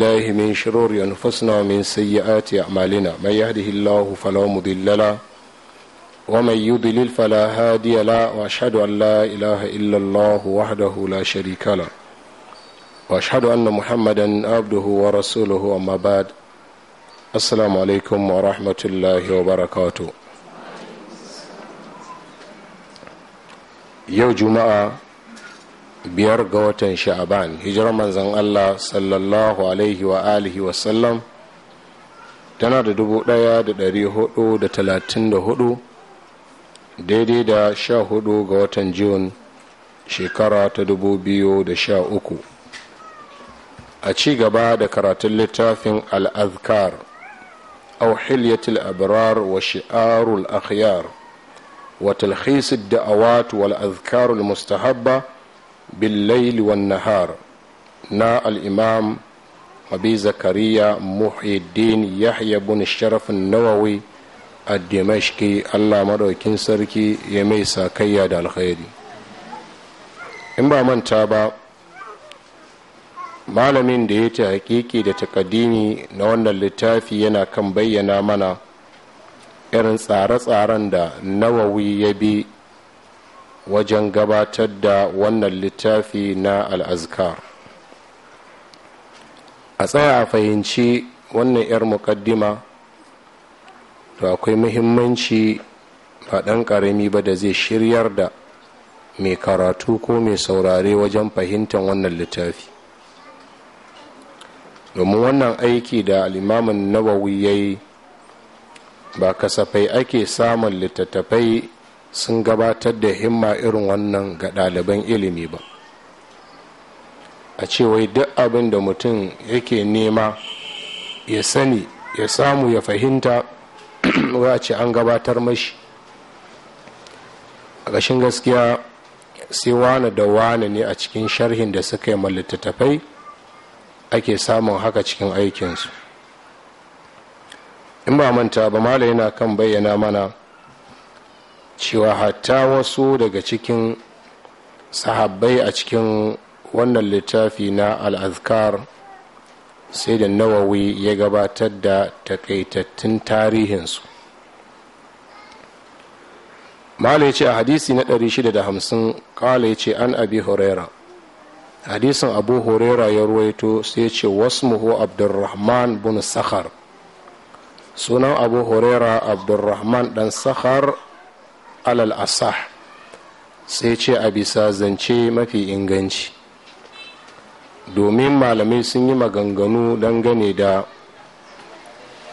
الله من شرور أنفسنا ومن سيئات أعمالنا من يهده الله فلا مضل له ومن يضلل فلا هادي له وأشهد أن لا إله إلا الله وحده لا شريك له وأشهد أن محمدا عبده ورسوله أما بعد السلام عليكم ورحمة الله وبركاته يوم جمعة biyar ga watan sha'aban hijirar manzan allah sallallahu alaihi wa alihi wasallam tana da dubu daya da dari hudu da talatin da hudu daidai da sha hudu ga watan jiun shekara ta dubu biyu da sha uku a ci gaba da karatun littafin al'adkar au hilyatul abrar wa shi'arul akhyar wa talhisid da'awat wal azkarul mustahabba بالليل والنهار نا الإمام أبي زكريا محي الدين يحيى بن الشرف النووي الدمشقي الله مدوكين سركي يميسا كياد الخير الخيري إن من تابا malamin da ya ta hakiki da takaddimi na wannan littafi yana kan bayyana mana irin tsare-tsaren da nawawi ya bi wajen gabatar da wannan littafi na al'azkar a tsaya a fahimci wannan 'yar mukaddima to akwai muhimmanci ba ɗan ƙarami ba da zai shiryar da mai karatu ko mai saurare wajen fahimtar wannan littafi domin wannan aiki da alimamin nawawi ya yi ba kasafai ake samun littattafai sun gabatar da himma irin wannan ga ɗaliban ilimi ba a wai duk abin da mutum yake nema ya sani ya samu ya fahimta ce an gabatar mashi a ƙashin gaskiya sai wane da wane ne a cikin sharhin da suka yi littattafai ake samun haka cikin aikinsu in ba manta ba mala yana kan bayyana mana cewa hatta wasu daga cikin sahabbai a cikin wannan littafi na al'azkar sai da nawawi ya gabatar da takaitattun tarihinsu mala ya ce a hadisi na 650 kala ya ce an abi horera hadisin abu horera ya ruwaito sai ya ce muhu abdurrahman bin sakhar sunan abu horera abdurrahman dan sakhar alal asah sai ce a bisa zance mafi inganci domin malamai sun yi maganganu gane da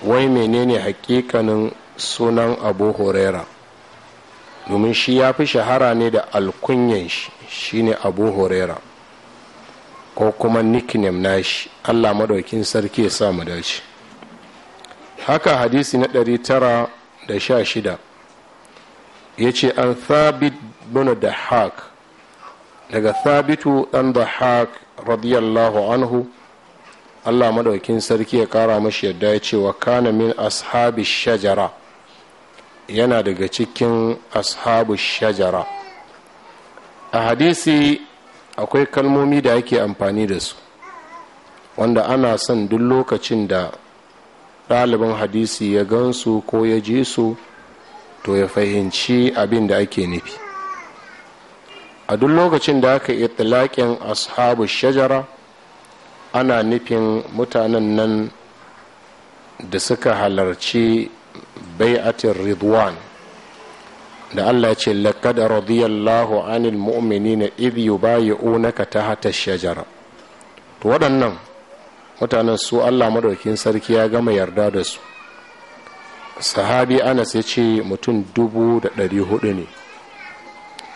wai menene hakikanin sunan abu horera domin shi ya fi shahara ne da alkunyan shi shine abu horera ko kuma nickname nashi allah madaukin sarki ya sa dace haka hadisi na 916 ya ce an thabit bin dahak daga thabitu dan dahak radiyallahu anhu allah madaukin sarki ya kara mashi yadda ya ce wa kana min ashabi shajara yana daga cikin ashabu shajara a hadisi akwai kalmomi da ake amfani da su wanda ana son duk lokacin da ɗaliban hadisi ya gansu ko ya ji su to ya fahimci abin da ake nufi a duk lokacin da aka yi tilakin ashabu shajara ana nufin mutanen nan da suka halarci bai'atin ridwan da allah ce laqad radiyallahu anil mu'minina idh ta hata shajara to waɗannan mutanen su allah madaukin sarki ya gama yarda da su sahabi anas ya ce mutum dubu da ɗari hudu ne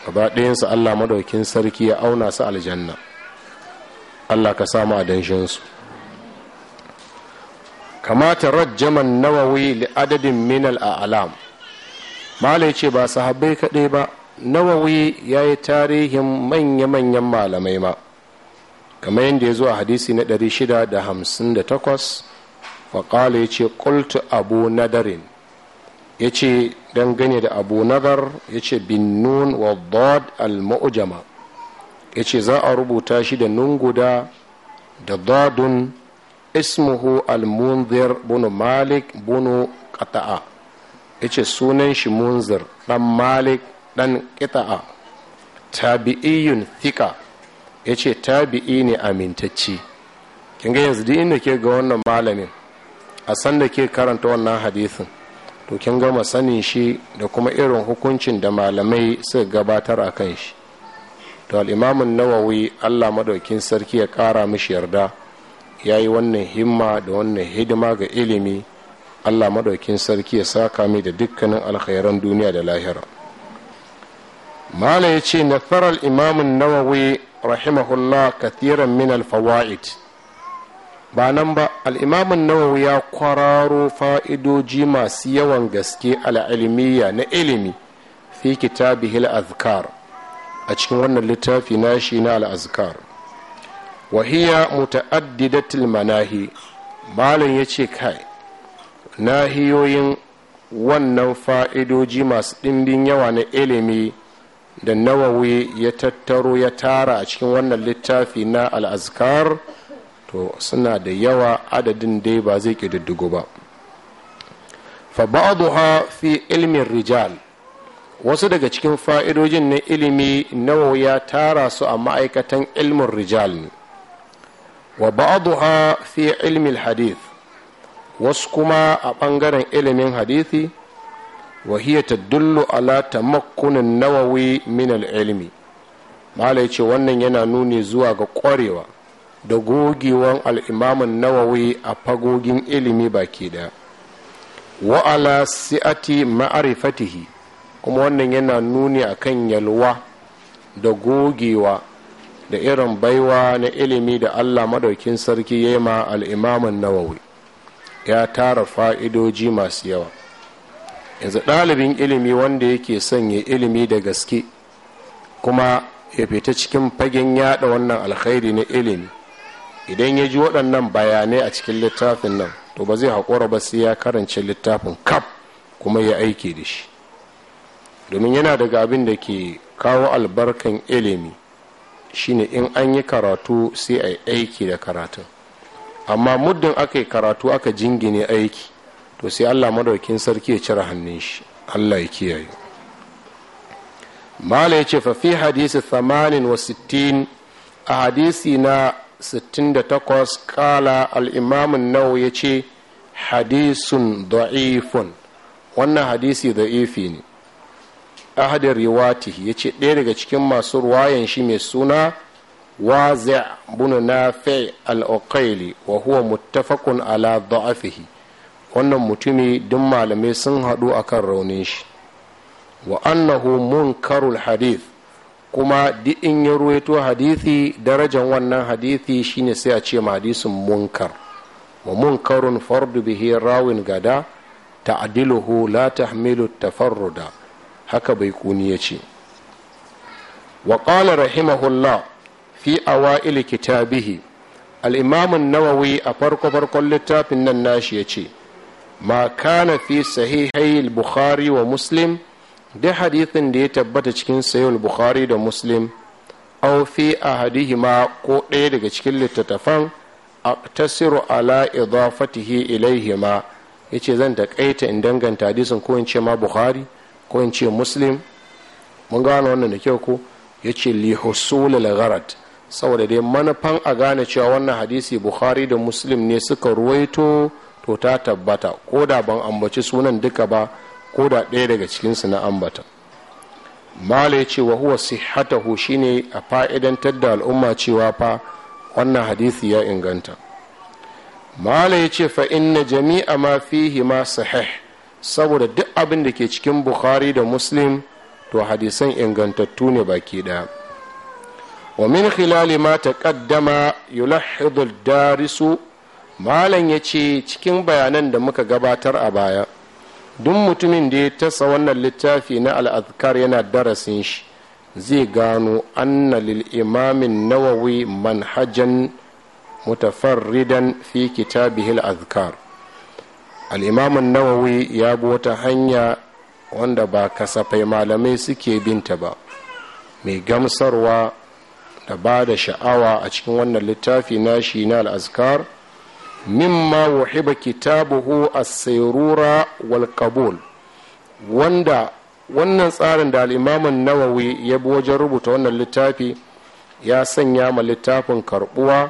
gaba ɗayansu allah madaukin sarki ya auna su aljanna allah ka samu a danshinsu kamata rajjaman nawawi li adadin minal a'lam malai ce ba sahabbai kaɗai ba nawawi ya yi tarihin manya-manyan malamai ma kamar yadda ya zuwa hadisi na 658 faƙala ya ce ƙultu abu nadarin ya ce dangane da abu nazar ya ce bin nun wa dod al ma'ujama ya ce za a rubuta shi da nun guda da dadun ismuhu al munzir bunu malik bunu kata'a ya ce sunan shi munzir dan malik dan kita'a tabi'iyun thika ya ce tabi'i ne amintacci kin ga yanzu duk da ke ga wannan malamin a san da ke karanta wannan hadisin to kin gama sanin shi da kuma irin hukuncin da malamai suka gabatar a kan shi to al'imamin nawawi allah madaukin sarki ya kara mishi yarda ya yi wannan himma da wannan hidima ga ilimi allah madaukin sarki ya saka mi da dukkanin alkhairan duniya da lahira mala ya ce nasarar imamin nawawi rahimahullah kathiran min alfawa'id ba nan ba al'imamin nawawi ya kwararo fa'idoji masu yawan gaske al'ilmiya na ilimi fi kitabihil azkar a cikin wannan littafi na shi na al'azkar wahiya muta'addidatul manahi malam ya ce kai nahiyoyin wannan fa'idoji masu ɗimbin yawa na ilimi da nawawi ya tattaro ya tara a cikin wannan littafi na al'azkar to suna da yawa adadin dai ba zai ƙididdigo ba fa ba'daha fi ilmin rijal wasu daga cikin fa'idojin na ilimi nawa ya tara su a ma'aikatan ilmin rijal ne wa ba'daha fi ilmin hadith wasu kuma a ɓangaren ilimin hadithi wa hiya tadullu ala tamakkunin nawawi min al-ilmi malai ce wannan yana nuni zuwa ga ƙwarewa da gogewan al'imamin nawawi a fagogin ilimi baki ɗaya wa'ala si'ati ma'arifatihi kuma wannan yana nuni a kan yalwa da gogewa da irin baiwa na ilimi da allah madaukin sarki ya ma al'imamin nawawi ya tara fa'idoji masu yawa yanzu ɗalibin ilimi wanda yake sanya ilimi da gaske kuma ya fita cikin fagen yada wannan alkhairi na ilimi idan ya ji waɗannan bayanai a cikin littafin nan to ba zai haƙura ba sai ya karance littafin kaf kuma ya aiki da shi domin yana daga abin da ke kawo albarkan ilimi shine in an yi karatu sai a yi aiki da karatun amma muddin aka yi karatu aka jingine aiki to sai allah madaukin sarki ya cire hannun shi allah ya kiyaye mala ya ce fa fi hadisi 68 a hadisi na 68 kala al'imamun nau ya ce hadisun da'ifun wannan hadisi da'ifi ne ahadin riwati ya ce ɗaya daga cikin masu ruwayan shi mai suna wazi' bunu nafi al al’okaili wa huwa muttafaqun ala da'afihi wannan mutumi duk malamai sun haɗu akan raunin shi wa annahu munkarul hadith kuma duk in ya ruwaito hadithi darajan wannan hadithi shine sai a ce ma hadisin munkar wa munkarun fardu bihi rawin gada ta'diluhu la tahmilu tafarruda haka bai kuni ya ce wa qala rahimahullah fi awail kitabihi al-imam an-nawawi a farko farkon littafin nan nashi ya ce ma kana fi sahihai bukhari wa muslim duk hadithin da ya tabbata cikin sayul bukhari da muslim au fi a ma ko ɗaya daga cikin littattafan a tasiru ala idafatihi ilaihima ya ce zan taƙaita in danganta hadisin ko in ce ma bukhari ko in ce muslim mun gane wannan da kyau ko ya ce li husulul gharad saboda dai manufan a gane cewa wannan hadisi bukhari da muslim ne suka ruwaito to ta tabbata ko da ban ambaci sunan duka ba ko da ɗaya daga cikinsu na ambata mala ya ce huwa sihatahu shine a fa'idantar da al'umma cewa fa wannan hadisi ya inganta mala ya ce fa inna jami'a ma fihi ma sahih saboda duk abin da ke cikin bukhari da muslim to hadisan ingantattu ne baki ɗaya wa min khilali ma taqaddama yulahhidu darisu malam ya ce cikin bayanan da muka gabatar a baya duk mutumin da ya tasa wannan littafi na al'adkar yana darasin shi zai gano anna lil imamin nawawi manhajan mutafarridan fi kitabihil azkar al'imamin nawawi ya bi wata hanya wanda ba kasafai malamai suke binta ba mai gamsarwa da ba da sha'awa a cikin wannan littafi na shi na al'azkar mimma wahiba kitabuhu as-sayrura wal wanda wannan tsarin da al'imamin nawawi ya bi wajen rubuta wannan littafi ya sanya ma littafin karbuwa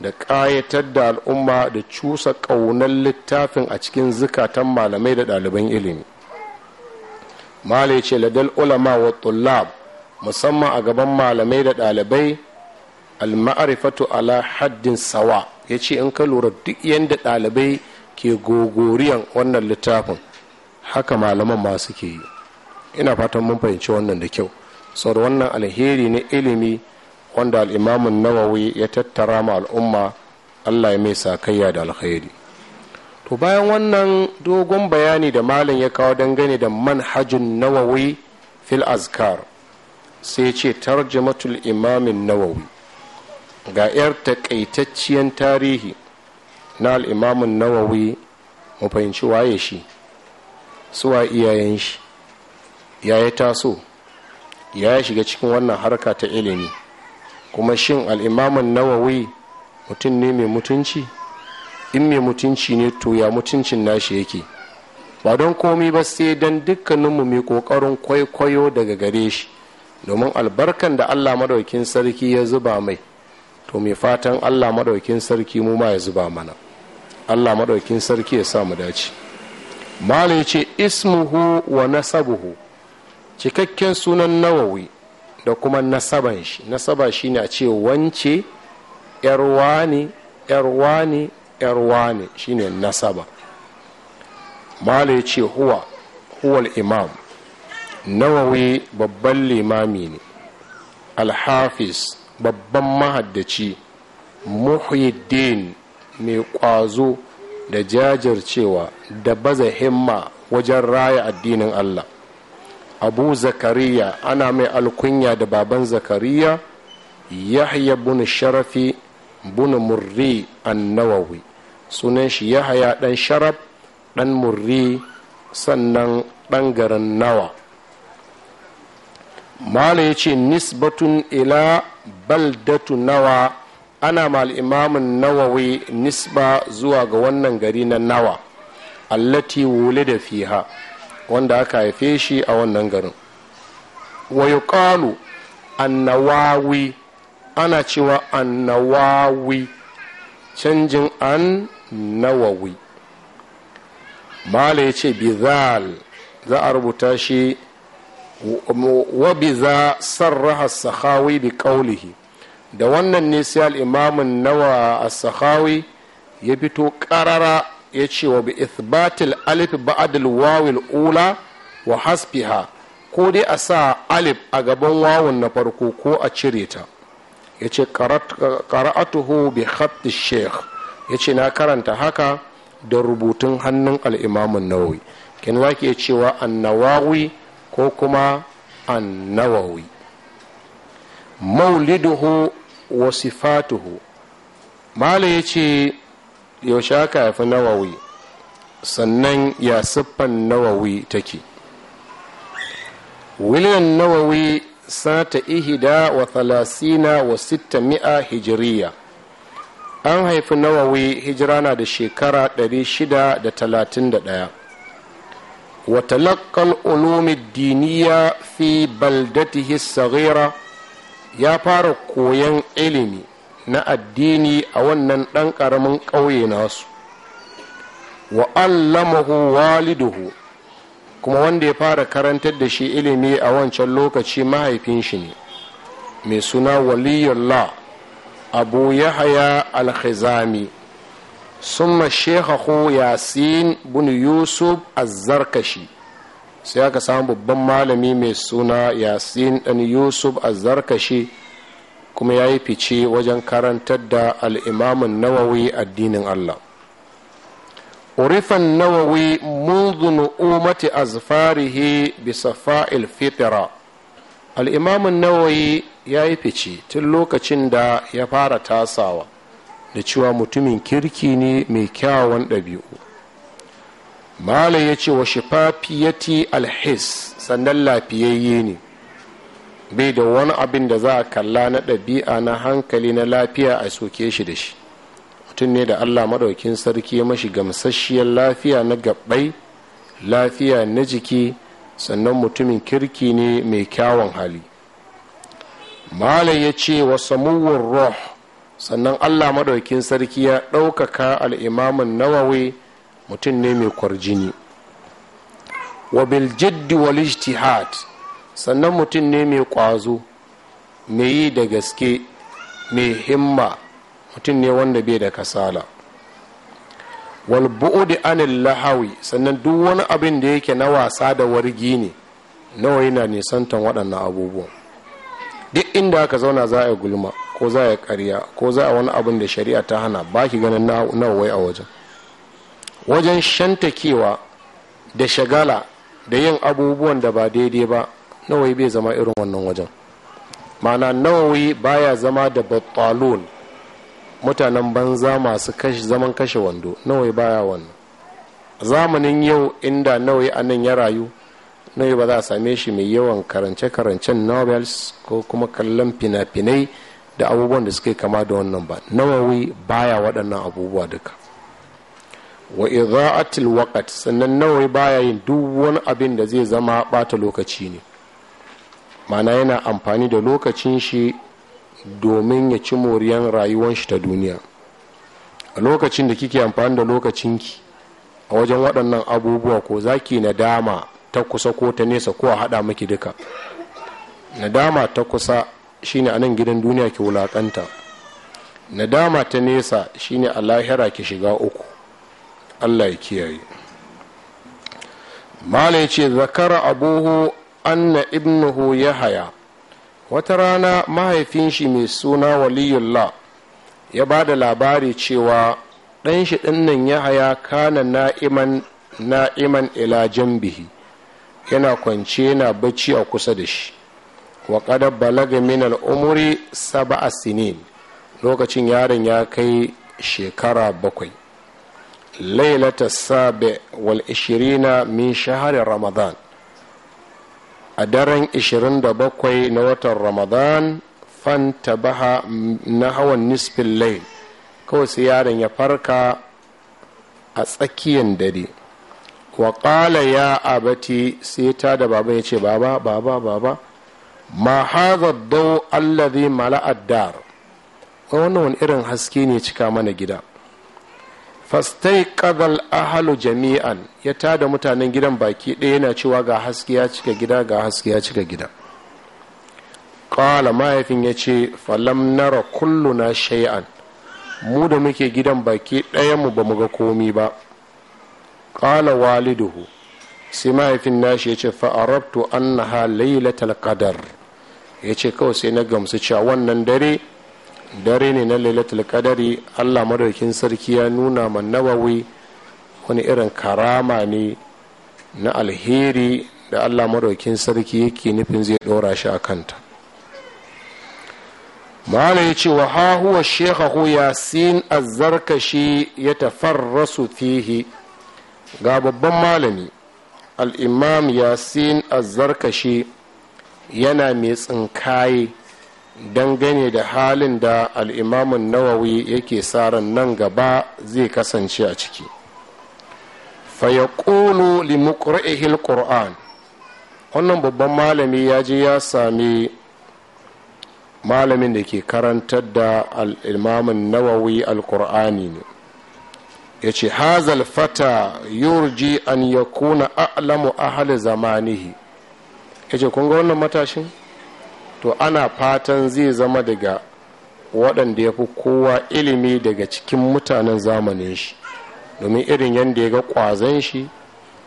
da ƙayatar da al'umma da cusa ƙaunar littafin a cikin zukatan malamai da ɗaliban ilimi malai ce ladal ulama wa tullab musamman a gaban malamai da ɗalibai al-ma'arifatu ala haddin sawa ya ce in ka lura duk yadda ɗalibai ke gogoriyan wannan littafin haka malaman ma ke yi ina fatan mun fahimci wannan da kyau saboda wannan alheri na ilimi wanda al'imamun nawawi ya tattara ma al'umma allah ya mai sa sakayya da alheri. to bayan wannan dogon bayani da malam ya kawo dangane da manhajin nawawi fil azkar sai ce tarjamatul imamin nawawi ga 'yar takaitacciyar tarihi na al'imamun nawawi mu fahimci waye shi suwa iyayen shi ya ya taso ya shiga cikin wannan harka ta ilimi kuma shin al'imamun nawawi mutum ne mai mutunci in mai mutunci ne to ya mutuncin nashi yake ba don komi ba sai don dukkaninmu mai kokarin kwaikwayo daga gare shi domin albarkan da allah madaukin sarki ya zuba mai to mai fatan allah maɗaukin sarki mu ma ya zuba mana allah maɗaukin sarki ya sa mu dace mala ya ce ismuhu wa nasabuhu cikakken sunan nawawi da kuma nasaban shi nasaba shi ne a ce wance yarwani yarwani yarwani ne nasaba mala ya ce huwa huwal imam nawawi babban limami ne alhafiz babban mahaddaci muhyiddin mai ƙwazo da jajircewa da baza himma wajen raya addinin allah abu zakariya ana mai alkunya da baban zakariya yahya bin sharafi bin murri annawawi sunan shi yahaya dan sharaf dan murri sannan dan garin nawa mala ya ce nisbatun ila baldatu nawa ana malimamin imamun nawawi nisba zuwa ga wannan gari na nawa allati wule da fiha wanda aka haife shi a wannan garin wa an annawawi ana cewa annawawi canjin an nawawi mala ya ce bizal za a rubuta shi wa biza sarraha sahawi bi kaulihi da wannan ne sai al'imamin nawa a sahawi ya fito ƙarara ya ce wa bi ithbatil alif ba'adil wawil ula wa hasfiha ko dai a sa alif a gaban wawun na farko ko a cire ta ya ce ƙara'atuhu bi khatti sheikh ya ce na karanta haka da rubutun hannun al'imamin nawawi kin ke cewa annawawi ko kuma annawawi mauliduhu wa sifatuhu mala ya ce yaushe aka haifi nawawi sannan ya siffan nawawi take william nawawi sanata ihida wa thalasina wa sitta mi'a hijiriya an haifi nawawi hijira na da shekara 631 wa talakkal ulumi diniya fi baldatihi saghira ya fara koyon ilimi na addini a wannan ɗan ƙaramin ƙauye nasu wa allamahu waliduhu kuma wanda ya fara karantar da shi ilimi a wancan lokaci mahaifin shi ne mai suna waliyullah abu yahaya al-khizami summa shekhahu yasin bin yusuf az-zarkashi sai aka samu babban malami mai suna yasin dan yusuf azzarkashi kuma ya yi fice wajen karantar da al'imamin nawawi addinin allah urifan nawawi munzu nu'umati azfarihi bisa fa'il fitira al'imamin nawawi ya yi fice tun lokacin da ya fara tasawa da cewa mutumin kirki ne mai kyawawan ɗabi'u malam ya ce wa shifafiyati alhis sannan lafiyayye ne bai da wani abin da za a kalla na ɗabi'a na hankali na lafiya a soke shi da shi mutum ne da allah maɗaukin sarki ya mashi gamsasshiyar lafiya na gabbai lafiya na jiki sannan mutumin kirki ne mai kyawun hali malam ya ce wa samuwar roh sannan allah maɗaukin sarki ya ɗaukaka al'imamin nawawai mutum ne mai kwarjini wabil jiddi wal ijtihad sannan mutum ne mai kwazo mai yi da gaske mai himma mutum ne wanda bai da kasala wal da anil lahawi sannan duk wani abin da yake na wasa da wargi ne nawa yana nisantan waɗannan abubuwan duk inda aka zauna za a gulma ko za a karya ko za a wani abin da shari'a ta hana ba ki ganin nawa wai a wajen wajen shantakewa da shagala da yin abubuwan da ba daidai ba nawawi bai zama irin wannan wajen mana nawawi baya zama da battalun mutanen banza masu zaman kashe wando nawawi baya wannan zamanin yau inda nawawi a nan ya rayu nawawi ba za a same shi mai yawan karance-karancen novels ko kuma kallon fina-finai da abubuwan da suke kama da wannan ba nawawi baya waɗannan abubuwa duka wa atil waqt sannan nawai baya yin duk wani abin da zai zama bata lokaci ne mana yana amfani da lokacin shi domin ya ci moriyan rayuwar shi ta duniya a lokacin da kike amfani da lokacin ki a wajen waɗannan abubuwa ko zaki nadama ta kusa ko ta nesa ko a haɗa miki duka nadama ta kusa shine a nan gidan duniya ki wulakanta nadama ta nesa shine a lahira ki shiga uku allah ya kiyaye malai ce zakara abuhu anna ibnuhu ya haya wata rana mahaifin shi mai suna waliyullah ya ba da labari cewa ɗan shi ɗinnan ya haya kana na'iman na'iman ila jambihi yana kwance yana bacci a kusa da shi wa kada balaga min al'umuri saba'a sinin lokacin yaron ya kai shekara bakwai lailata sabi wal ishirina min shaharin ramadan a daren 27 na watan ramadan fanta baha na hawan nisfin lail kawai sai yaron ya farka a tsakiyan dare waƙala ya abati sai ta da baba ya ce baba baba baba ma haza dau allazi mala'ad wani irin haske ne cika mana gida fastai kabal ahalu jami'an ya tada mutanen gidan baki ɗaya yana cewa ga haske ya cika gida ga haske ya cika gida ƙala mahaifin ya ce falam nara na shay'an mu da muke gidan baki mu ba mu ga komi ba ƙala waliduhu sai mahaifin nashi ya ce fa'arabtu ha lailatul qadar ya ce kawai sai na gamsu cewa wannan dare dare ne na lailatul kadari Allah madaukin sarki ya nuna ma nawawi wani irin karama ne na alheri da Allah madaukin sarki yake nufin zai dora shi a kanta ma'ana ya ce wa hahuwa huwa yasin azzarkashi ya tafarrasu fihi ga babban malami al'imam yasin azzarkashi yana mai tsinkaye dangane da halin da al'imamun nawawi yake tsarin nan gaba zai kasance a ciki fayakulu limukur'ihil Kur'an. wannan babban malami ya je ya sami malamin da ke karantar da al'imamun nawawi al'kur'ani ne ya ce hazal fata yurji an ya kuna a'lamu ahali zamanihi ya ce kun ga wannan matashin to ana fatan zai zama daga waɗanda ya fi kowa ilimi daga cikin mutanen zamanin shi domin irin yadda ya ga ƙwazon shi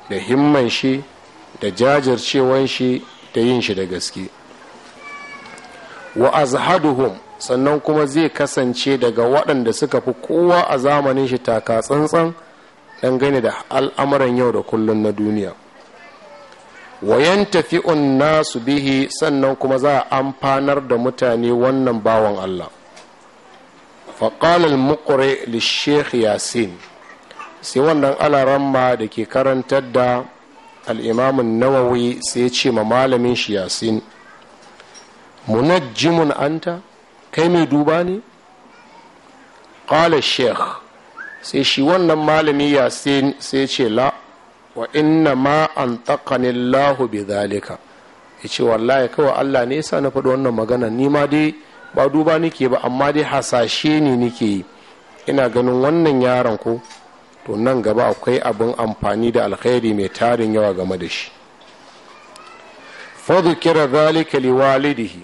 da himman shi da jajircewan shi da yin shi da gaske wa azhaduhum sannan kuma zai kasance daga waɗanda suka fi kowa a zamanin shi taka tsantsan dangane da al'amuran yau da kullum na duniya wayan tafi'un nasu bihi sannan kuma za a amfanar da mutane wannan bawan Allah faƙalar muƙure sheikh yasin sai wannan alaramma da ke karantar da al'imamin nawawi sai ce ma malamin shi yasin munajjimun anta kai mai duba ne ƙalar sheikh sai shi wannan malami yasin sai ce la' wa inna ma an taƙanillahu bi zalika ya ce wallahi kawai allah ne yasa na faɗi wannan magana ni ma dai ba duba nake ba amma dai hasashe ne nake yi ina ganin wannan yaron ko to nan gaba akwai abin amfani da alkhairi mai tarin yawa game da shi kira zalika liwalidihi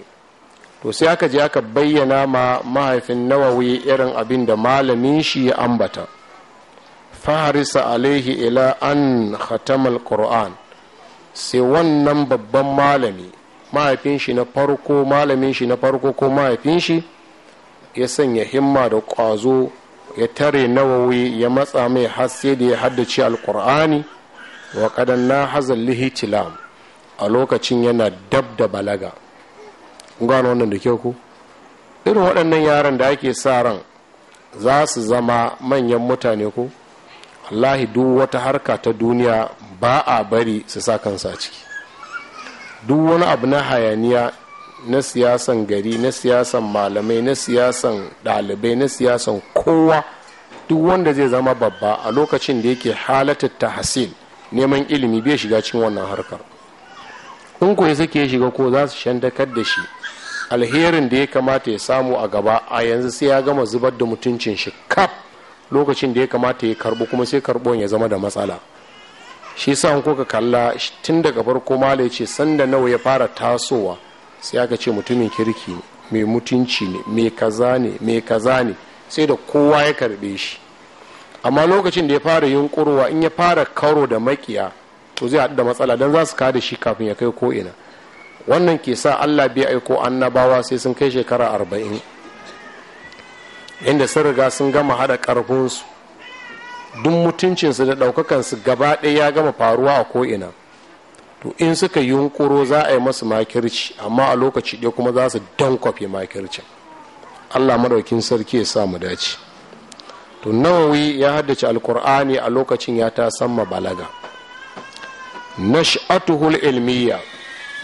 to sai aka je aka bayyana ma mahaifin nawawi irin abin da malamin shi ya ambata faharisa alaihi ila an khatamal qur'an sai wannan babban malami mahaifin shi na farko malamin shi na farko ko mahaifin shi ya sanya himma da ƙwazo ya tare nawawi ya matsa mai haske da ya haddace alkur'ani wa kadan na hazal lihi tilam a lokacin yana dab da balaga gano wannan da ke ku irin waɗannan yaran da ake sa ran za su zama manyan mutane ko wallahi duk wata harka ta duniya ba a bari su sa kansa a ciki duk wani abu na hayaniya na siyasan gari na siyasan malamai na siyasan dalibai na siyasan kowa duk wanda zai zama babba a lokacin da yake halatar hasil neman ilimi bai shiga cikin wannan harkar in ko suke shiga ko za su shandakar da shi alherin da ya kamata ya samu a gaba a yanzu sai ya gama zubar da mutuncin shi kaf lokacin da ya kamata ya karbo kuma sai karbon ya zama da matsala shi sa an ka kalla tun daga farko mala ya ce sanda nawa ya fara tasowa sai aka ce mutumin kirki mai mutunci ne mai kaza ne mai kaza ne sai da kowa ya karbe shi amma lokacin da ya fara yunkurwa in ya fara karo da makiya to zai haɗu da matsala don za su kada shi kafin ya kai ko ina wannan ke sa allah bai aiko annabawa sai sun kai shekara arba'in inda sun riga sun gama hada karfinsu duk mutuncinsu da ɗaukakansu gaba ɗaya ya gama faruwa a ko'ina to in suka yi hunkuro za a yi masu makirci amma a lokaci ɗaya kuma za su kwafi makircin allah maɗaukin sarki ya sa mu dace to nawawi ya haddace alkur'ani a lokacin ya ta samma balaga nash'atuhul ilmiya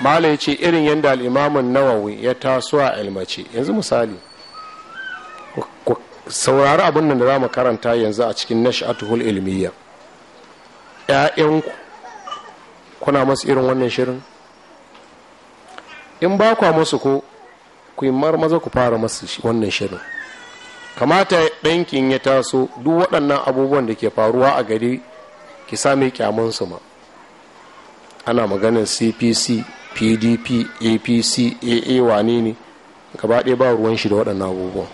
mala ya ce irin yadda al'imamin nawawi ya taso a ilmace yanzu misali saurari abin da za mu karanta yanzu a cikin nash'atuhul ilmiya ‘ya'yanku kuna masu irin wannan shirin in ba kwa masu ko ku yi marmaza ku fara masu wannan shirin kamata ɗankin ya taso duk waɗannan abubuwan da ke faruwa a gari ki sami kyamansu ma ana maganin cpc pdp apc aa wane ne gaba ɗaya ba ruwan shi da waɗannan abubuwan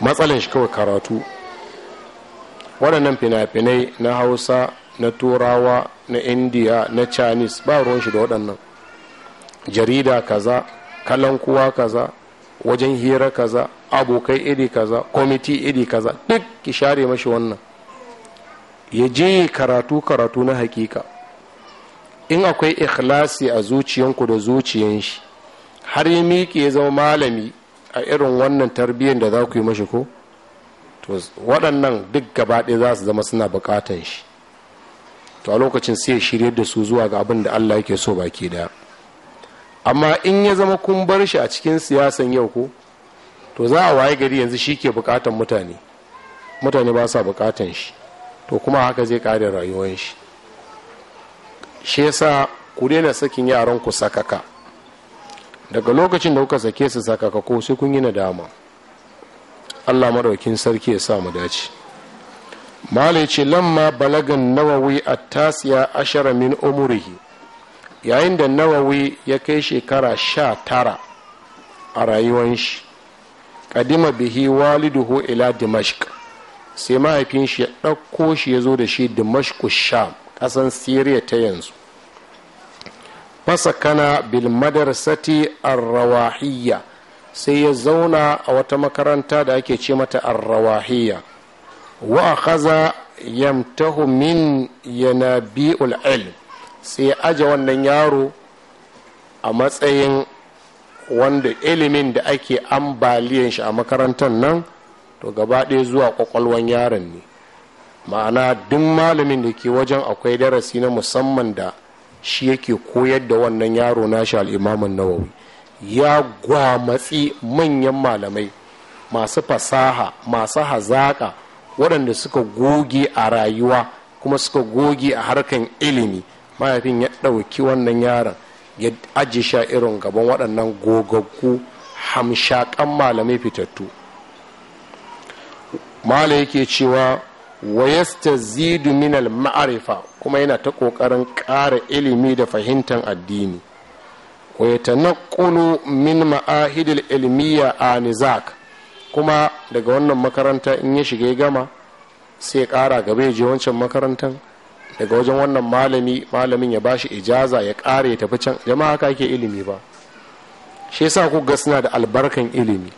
matsalan shi kawai karatu waɗannan fina-finai na hausa na turawa na indiya na chinese ba ruwan shi da waɗannan jarida kaza kalankuwa kaza wajen hira kaza abokai iri kaza kwamiti iri kaza duk ki share mashi wannan ya je karatu karatu na hakika in akwai ikhlasi a zuciyanku da zuciyan shi har ya miƙe ya zama malami a irin wannan tarbiyyar da za ku yi mashi ko to waɗannan duk gaba ɗaya za su zama suna buƙatan shi to a lokacin sai ya shirye da su zuwa ga abin da allah yake so baki da amma in ya zama kun bar shi a cikin siyasan yau ko to za a waye gari yanzu shi ke buƙatan mutane mutane ba sa buƙatan shi to kuma haka zai ƙare rayuwar shi shi yasa ku daina sakin yaran ku sakaka daga lokacin da kuka sake su sakakako sai kun yi nadama allah maraukin sarki ya sa mu dace malai ce lamma balagan nawawi a tasiya ashara min umurihi yayin da nawawi ya kai shekara sha tara a rayuwan shi kadima bihi waliduhu ila dimashq sai mahaifin shi ya ɗauko shi ya zo da shi dimashq sham ƙasan siriya ta yanzu fasakana bil madarsati arrawahiyya sai ya zauna a wata makaranta da ake ce mata arrawahiyya wa akhadha yamtahu min yanabi'ul ilm sai ya aje wannan yaro a matsayin wanda ilimin da ake ambaliyan shi a makarantar nan to gaba ɗaya zuwa kwakwalwan yaron ne ma'ana duk malamin da ke wajen akwai darasi na musamman da shi yake koyar da wannan yaro nashi al'imamin nawawi ya gwamatsi manyan malamai masu fasaha masu hazaƙa waɗanda suka goge a rayuwa kuma suka goge a harkan ilimi mahaifin ya ɗauki wannan yaron ya aji sha irin gaban waɗannan gogaggu hamshakan malamai fitattu mala yake cewa wayasta zidu minal ma'arifa kuma yana ta ƙoƙarin ƙara ilimi da fahimtar addini na kulu min ma'ahidil ilmiya anizak kuma daga wannan makaranta in ya shiga gama sai ƙara gaba ya je wancan makarantar daga wajen wannan malami malamin ya bashi ijaza ya ƙara ya tafi can jama'a ka ke ilimi ba shi yasa ku ga suna da albarkan ilimi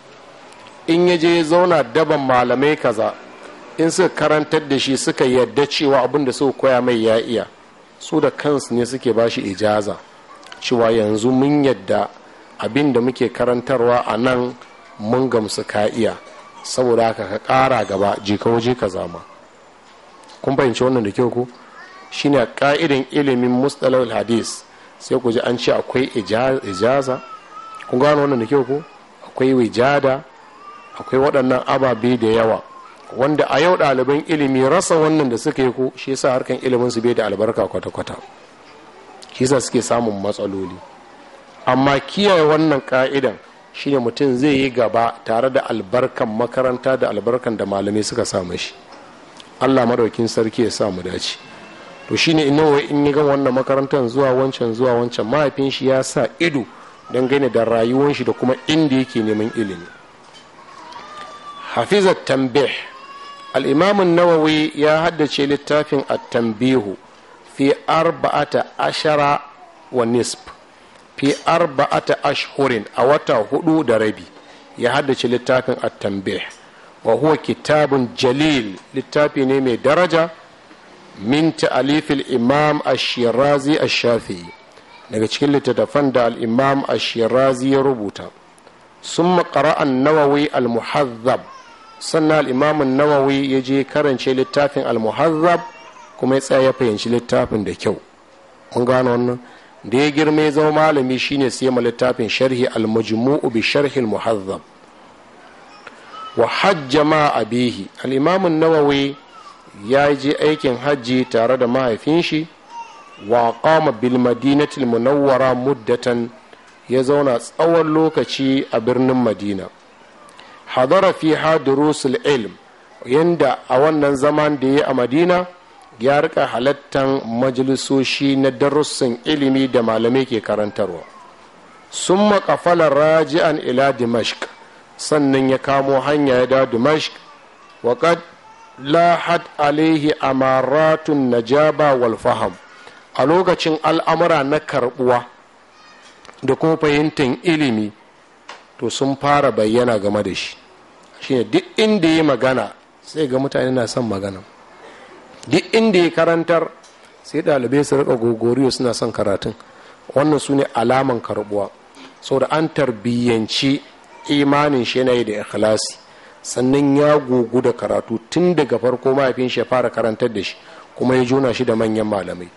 in ya je zauna daban malamai kaza in suka karantar da shi suka yarda cewa abin da suka koya mai ya iya su da kansu ne suke ba shi ijaza cewa yanzu mun yadda abin da muke karantarwa a nan mun gamsu ka iya saboda haka ka kara gaba jika waje ka zama kun fahimci wannan da kyau ku shine ka'idan ilimin mustalahul hadis sai ku ji an ce akwai ijaza kun gano wannan da kyau ku akwai wijada akwai waɗannan ababe da yawa wanda a yau ɗaliban ilimi rasa wannan da suka yi ko shi yasa harkan ilimin su bai da albarka kwata-kwata shi yasa suke samun matsaloli amma kiyaye wannan ka'idan shine mutum zai yi gaba tare da albarkan makaranta da albarkan da malamai suka samu shi allah madaukin sarki ya sa mu dace to shine in nawa in ya gama wannan makarantar zuwa wancan zuwa wancan mahaifin shi ya sa ido don gane da rayuwan shi da kuma inda yake neman ilimi hafizat tambih al'imamun nawawi ya haddace littafin at-tambihu fi arba'ata ashara wa nisf fi arba'ata ashhurin a wata hudu da rabi ya haddace littafin at-tambih wa kitabun jalil littafi ne mai daraja min ta'alifil imam ash-shirazi ash-shafi'i daga cikin littattafan da al'imam imam ash-shirazi ya rubuta summa qara'a an-nawawi al-muhadhab sannan al'imamin nawawi ya je karance littafin al kuma ya tsaya ya fahimci littafin da kyau mun gano wannan da ya girma ya zama malami shine sai ma littafin sharhi al-majmu'u bi sharhi al wa hajja ma abihi al-imamin nawawi ya je aikin hajji tare da mahaifin shi wa qama bil munawwara muddatan ya zauna tsawon lokaci a birnin madina hadara fiha durusul ilm yadda a wannan zaman da ya a madina ya rika halattan majalisoshi na darussan ilimi da malamai ke karantarwa sun makafala raji'an ila dimashq sannan ya kamo hanya ya da dimashq waƙad lahat alaihi amaratun najaba wal faham a lokacin al'amura na karbuwa da kuma fahimtar ilimi to sun fara bayyana game da shi shine duk inda ya magana sai ga mutane na son magana duk inda ya karantar sai ɗalibai su rika gogoriyo suna son karatun wannan su ne alaman karbuwa saboda an tarbiyyanci imanin shi yana yi da ikhlasi sannan ya gugu da karatu tun daga farko mahaifin shi ya fara karantar da shi kuma ya jona shi da manyan malamai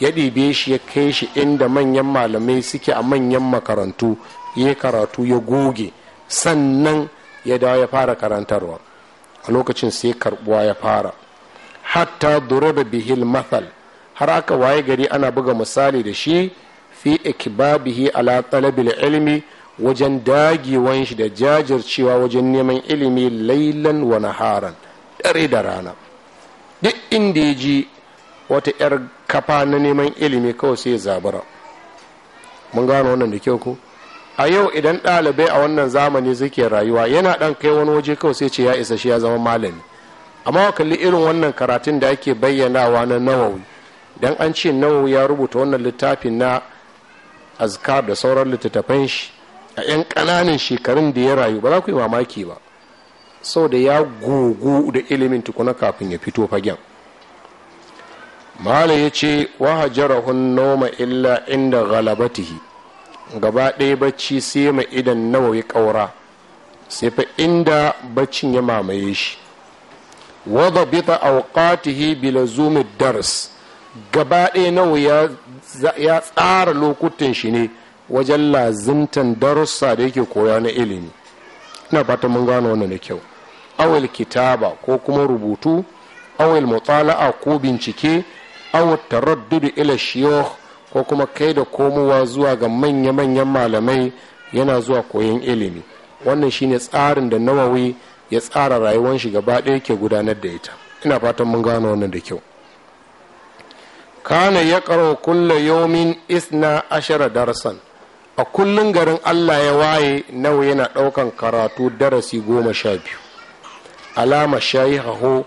ya ɗibe shi ya kai shi inda manyan malamai suke a manyan makarantu ya karatu ya goge sannan ya dawo ya fara karantarwa a lokacin sai karbuwa ya fara hatta duraba bihil mathal har aka waye gari ana buga misali da shi fi ikbabihi ala talabil ilimi wajen dagewan shi da jajircewa wajen neman ilimi lailan wa naharan dare da rana duk inda ya ji wata 'yar kafa na neman ilimi kawai sai zabara mun gano wannan da kyau ko a yau idan ɗalibai a wannan zamani suke rayuwa yana ɗan kai wani waje kawai sai ce ya isa shi ya zama malami amma kalli irin wannan karatun da ake bayyanawa na nawawi dan an ce nawawi ya rubuta wannan littafin na azkar da sauran littattafan shi a 'yan ƙananan shekarun da ya rayu ba za ku yi mamaki ba sau da ya gugu da ilimin tukuna kafin ya fito fagen mahala ya ce hajjara hun noma illa inda galabatihi gaba ɗaya bacci sai ma idan nawa ya ƙaura sai fa inda baccin ya mamaye shi wadda bita auqatihi bila zumi dars gaba ɗaya nawa ya tsara lokutan shi ne wajen lazimtan darussa da yake koya na ilimi ina fata mun gano wannan da kyau awil kitaba ko kuma rubutu awil mutala'a ko bincike awil taraddudu ila shiyokh ko kuma kai da komowa zuwa ga manya-manyan malamai yana zuwa koyon ilimi wannan shine tsarin da nawawi ya tsara rayuwar shi gaba ɗaya ke gudanar da ita ina fatan mun gano wannan da kyau kana ya karo kulla yomin isna ashara darasan a kullun garin allah ya waye nawa yana ɗaukan karatu darasi goma sha biyu alama shayi haho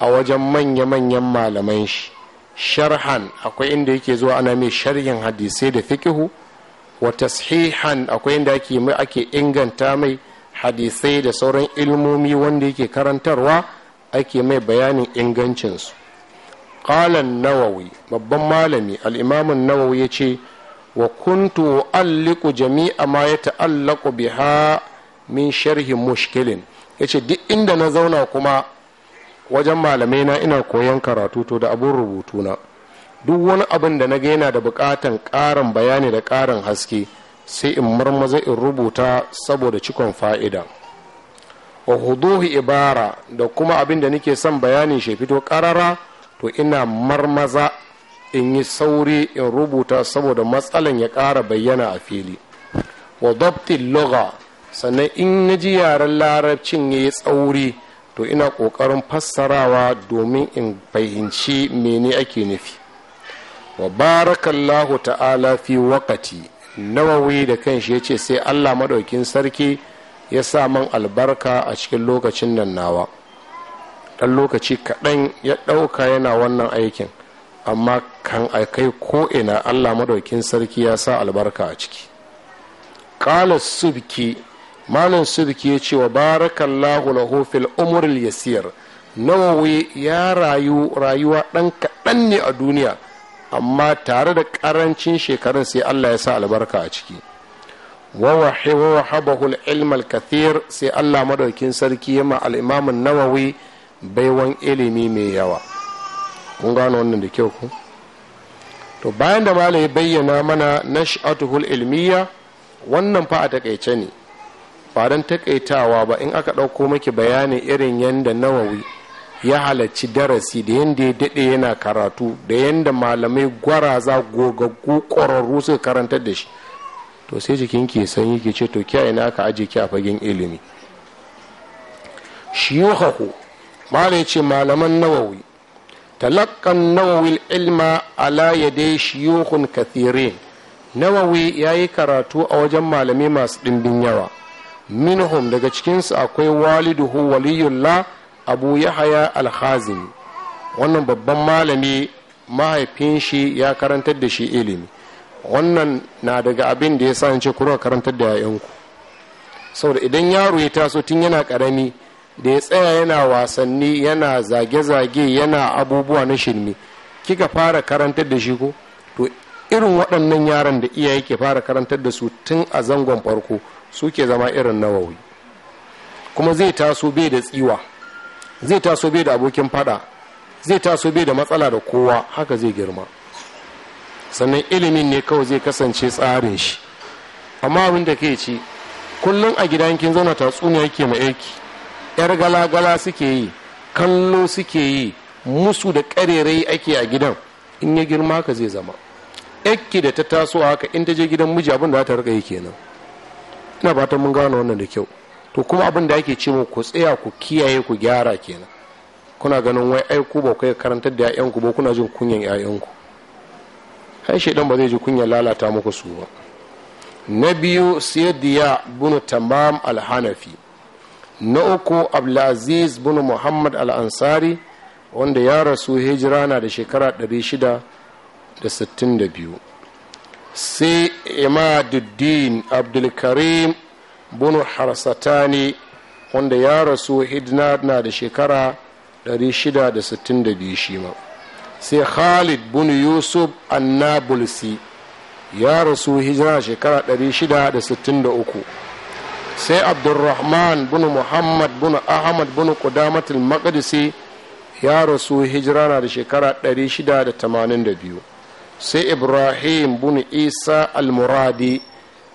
a wajen manya-manyan malaman shi sharhan akwai inda yake zuwa ana mai sharhin hadisai da fikihu wa tashihan akwai inda ake mai ake inganta mai hadisai da sauran ilmomi wanda yake karantarwa ake mai bayanin ingancinsu qalan nawawi babban malami al'imamin nawawi ya ce wa kuntu alliku jami'a ma ya ta'allaku biha min sharhi mushkilin yace duk inda na zauna kuma wajen malamai na ina koyon karatu to da abun rubutu na duk wani abin da na ga yana da bukatan ƙarin bayani da ƙarin haske sai in marmaza in rubuta saboda cikon fa'ida wa huduhi ibara da kuma abin da nake son bayanin shi fito ƙarara to ina marmaza in yi sauri in rubuta saboda matsalan ya ƙara bayyana a fili wa dabtin sannan in na ji yaren larabcin ya yi tsauri to ina ƙoƙarin fassarawa domin in fahimci mene ake nufi wa barakallahu ta'ala fi wakati nawawi da kanshi ya ce sai allah maɗaukin sarki ya sa man albarka a cikin lokacin nan nawa ɗan lokaci kaɗan ya ɗauka yana wannan aikin amma kan aikai ko'ina allah maɗaukin sarki ya sa albarka a ciki kala subki malam sirki ya ce wa barakallahu lahu fil umril yasir nawawi ya rayu rayuwa ɗan kaɗan ne a duniya amma tare da ƙarancin shekarun sai Allah ya sa albarka a ciki wawahi wawahabahu ilmal kathir sai Allah madaukin sarki yama al'imamin nawawi baiwan ilimi mai yawa kun gano wannan da kyau ku to bayan da malai bayyana mana nash'atuhul ilmiya wannan fa a takaice ne ba takaitawa ba in aka ɗauko maki bayanin irin yadda nawawi ya halarci darasi da yadda ya daɗe yana karatu da yadda malamai gwaraza gogaggu ƙwararru suka karanta da shi to sai jikin ke sanyi ke ce to kya ina aka aje ki a fagen ilimi shiyuhahu malai ce malaman nawawi talakkan nawawi ilma ala yadai shiyuhun kathirin nawawi ya yi karatu a wajen malamai masu ɗimbin yawa minhum daga cikinsu akwai waliduhu waliyullah abu yahaya alhazini wannan babban malami mahaifin shi ya karantar da shi ilimi wannan na daga abin da ya sa ce kuma karantar da 'ya'yanku saboda idan yaro ya taso tun yana karami da ya tsaya yana wasanni yana zage-zage yana abubuwa na shirme kika fara karantar da shi ko to irin waɗannan yaran da iyaye ke fara karantar da su tun a zangon farko suke zama irin nawawi kuma zai taso bai da tsiwa zai taso bai da abokin fada zai taso bai da matsala da kowa haka zai girma sannan ilimin ne kawai zai kasance tsarin shi amma abin da ke ce, kullum a gidan kin zauna tatsuniya yake mai aiki yar gala-gala suke yi kallo suke yi musu da karerai ake a gidan in ya girma ka zai zama aiki da ta taso haka in ta je gidan miji abin da ta rika yi kenan ina fatan mun gano wannan da kyau to kuma abin da ake ce ku tsaya ku kiyaye ku gyara kenan kuna ganin wai ai ku ba kai karantar da ƴaƴanku ba kuna jin kunyan ƴaƴanku hai shedan ba zai ji kunya lalata muku su ba na biyu sayyidiya bin tamam al-hanafi na uku abdulaziz bin muhammad al-ansari wanda ya rasu hijira na da shekara 662 sai imaduddin abdulkarim bunu harsatani wanda ya rasu hidna na da shekara 662 shi ma sai khalid bunu yusuf annabulsi ya rasu hijira shekara 663 sai abdulrahman bunu muhammad bunu ahmad bin kudamatul maqdisi ya rasu hijira na da shekara 682 sai ibrahim bin isa al-muradi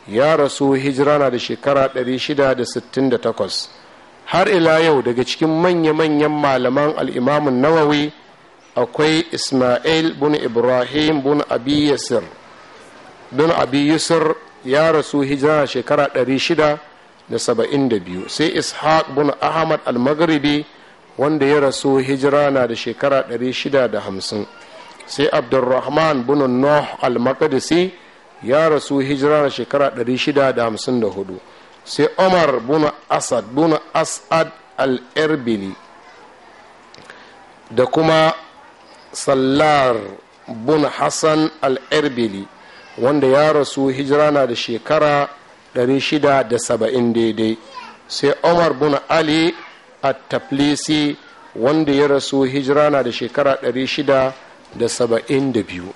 ya rasu hijira na da shekara 668 har ila yau daga cikin manya-manyan malaman al'imamun nawawi akwai ismail bin ibrahim bin abi yasir bin abi yasir ya rasu hijira na shekara 672 sai ishaq bin ahmad al-maghribi wanda ya rasu hijira na da shekara 650 sai abdurrahman bin nuh al-maqdisi ya rasu hijira da shekara 654 sai umar bin asad bin asad al-erbili da kuma sallar bin hassan al-erbili wanda ya rasu hijira na da shekara 670 daidai sai umar bin ali at-taflisi wanda ya rasu hijira na da shekara 600 da saba'in da biyu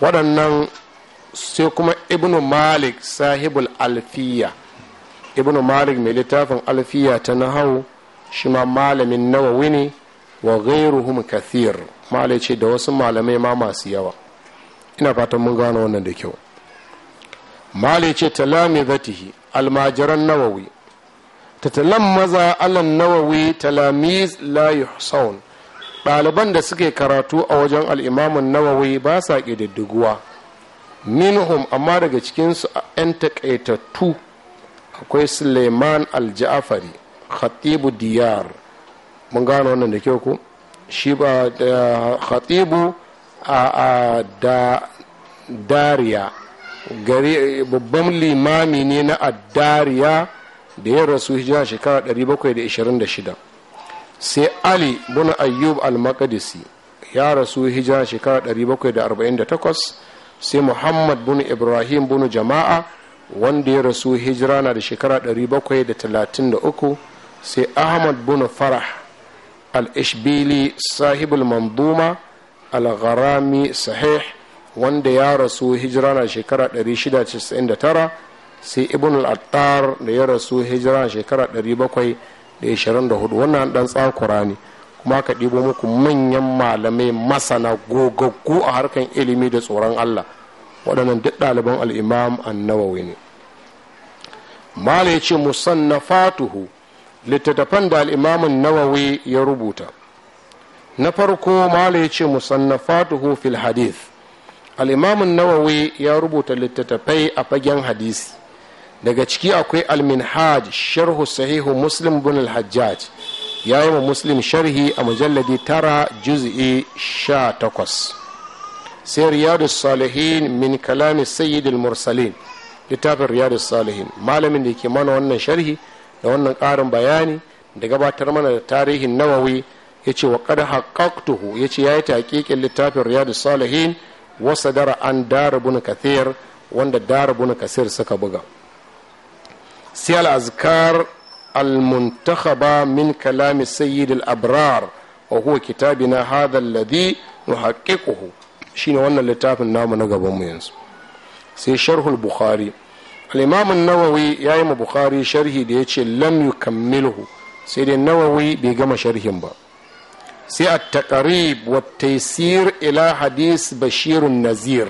waɗannan sai kuma ibnu malik sahibul alfiya ibnu malik mai littafin alfiya ta nahau shi ma malamin nawawi ne wa ghairuhum kathir malai ce da wasu malamai ma masu yawa ina fatan mun gano wannan da kyau malai ce talamizatihi almajiran nawawi talan maza alan nawawi talamiz la yuhsaun ɗaliban da suke karatu a wajen al'imamun nawawi ba sa ƙididdiguwa minhum amma daga cikinsu a 'yan taƙaitattu akwai suleiman alja'afari khatibu diyar mun gano wannan da kyau ku shi ba da khatibu a da dariya gari babban limami ne na addariya da ya rasu hijira shekara 726 sai ali bin ayyub al-maqdisi ya rasu hijira shekara 748 sai muhammad bin ibrahim bin jama'a wanda ya rasu hijira na da shekara 733 sai ahmad bin farah al-ishbili sahibul manduma al-gharami sahih wanda ya rasu hijira na shekara 699 sai ibn al-attar da ya rasu hijira shekara 700 da 24 wannan dan tsakura ne kuma ka ɗibo muku manyan malamai masana gogaggu a harkan ilimi da tsoron allah waɗannan duk ɗaliban al'imam annawawi ne mala ya ce musannafatuhu littattafan da al'imamin nawawi ya rubuta na farko mala ya ce musannafatuhu fil hadith al'imamin nawawi ya rubuta littattafai a fagen hadisi daga ciki akwai alminhaj sharhu sahihu muslim bin alhajjaj ya yi wa muslim sharhi a mujalladi tara juz'i sha takwas sai riyadu salihin min kalami sayyid mursalin littafin riyadu salihin malamin da ke mana wannan sharhi da wannan ƙarin bayani da gabatar mana da tarihin nawawi ya ce wa kada haƙaƙtuhu ya ce ya yi taƙiƙin littafin riyadu salihin wasa dara an darabun kathir wanda darabun kathir suka buga sai al'azkar al-muntakhaba min kalami sayyid al-abrar wa huwa kitabina hadha alladhi nuhaqqiquhu shine wannan littafin namu na gaban mu yanzu sai sharhul bukhari al-imam an-nawawi yayi mu bukhari sharhi da ya yace lam yukammilhu sai dai nawawi bai gama sharhin ba sai a taƙarib wa taisir ila hadis bashirun nazir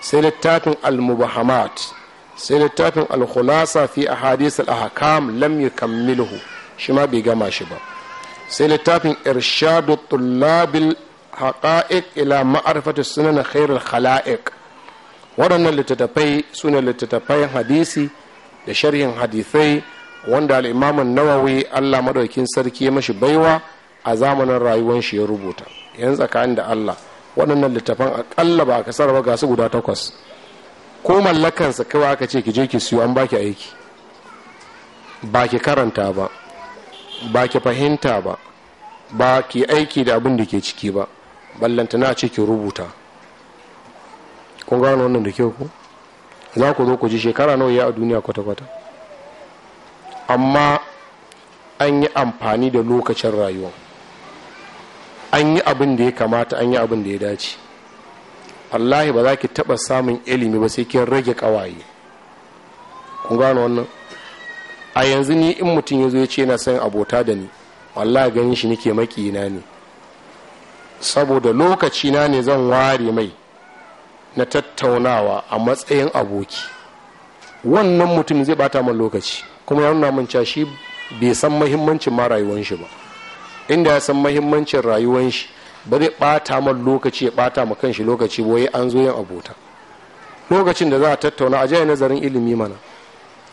sai littafin al-mubahamat sai littafin alkhulasa fi a hadis al'ahakam lam kammilu shi ma bai gama shi ba sai littafin irshadu tullabin haƙa'iƙ ila suna sunan khairul khala'iq waɗannan littattafai su ne littattafai hadisi da sharhin hadisai wanda al'imamin nawawi allah maɗaukin sarki mashi baiwa a zamanin rayuwar shi ya rubuta yan tsakanin da allah waɗannan littafan aƙalla ba a kasar ba ga guda takwas ko mallakansa kawai aka ce ki je ki siyo an baki aiki ba ki karanta ba ba ki fahimta ba ba ki aiki da abin da ke ciki ba ballanta na ce ki rubuta kun gano wannan da kyau ku za ku zo ku ji shekara nawa ya a duniya kwata-kwata amma an yi amfani da lokacin rayuwa an yi abin da ya kamata an yi abin da ya dace wallahi ba za ki taɓa samun ilimi ba sai kin rage ƙawaye kun gano wannan a yanzu ni in mutum ya zo ya ce yana son abota da ni wallahi ganin shi nake makina ne saboda lokaci na ne zan ware mai na tattaunawa a matsayin aboki wannan mutum zai bata min lokaci kuma ya mun min shi bai san mahimmancin ma rayuwan shi ba inda ya san mahimmancin rayuwan shi ba zai bata man lokaci ya bata ma kanshi lokaci boye an zo yin abota lokacin da za a tattauna a jaya nazarin ilimi mana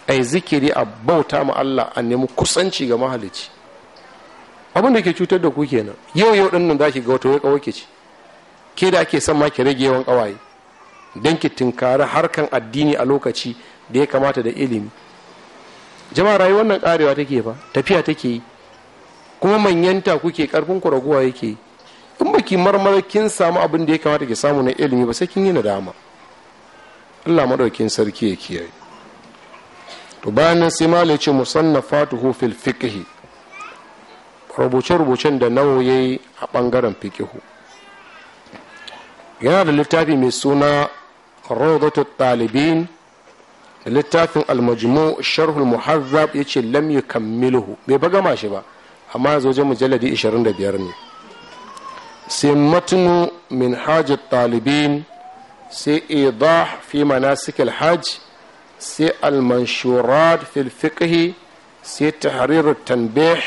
a yi zikiri a bauta ma Allah a nemi kusanci ga mahalici abin da ke cutar da ku kenan yau yau din nan za ki ga wata wai kawai ce ke da ake son ma ki rage yawan kawaye don ki tinkari harkan addini a lokaci da ya kamata da ilimi jama'a rayuwar nan karewa take fa tafiya take yi kuma manyanta kuke karfin ku raguwa yake yi in baki marmara kin samu abin da ya kamata ki samu na ilimi ba sai kin yi nadama Allah madaukin sarki ya kiyaye to bayan nan sai malai ce musannafatuhu fil fiqh rubuce-rubucen da nawo yayi a bangaren fiqh yana da littafi mai suna rawdatu talibin da littafin almajmu sharhul muhazzab yace lam yukammiluhu bai bagama shi ba amma yanzu wajen mujalladi 25 ne sai matinu min hajjar talibin sai idah fi manasikil hajj sai al fil fiqh sai tahrir tanbih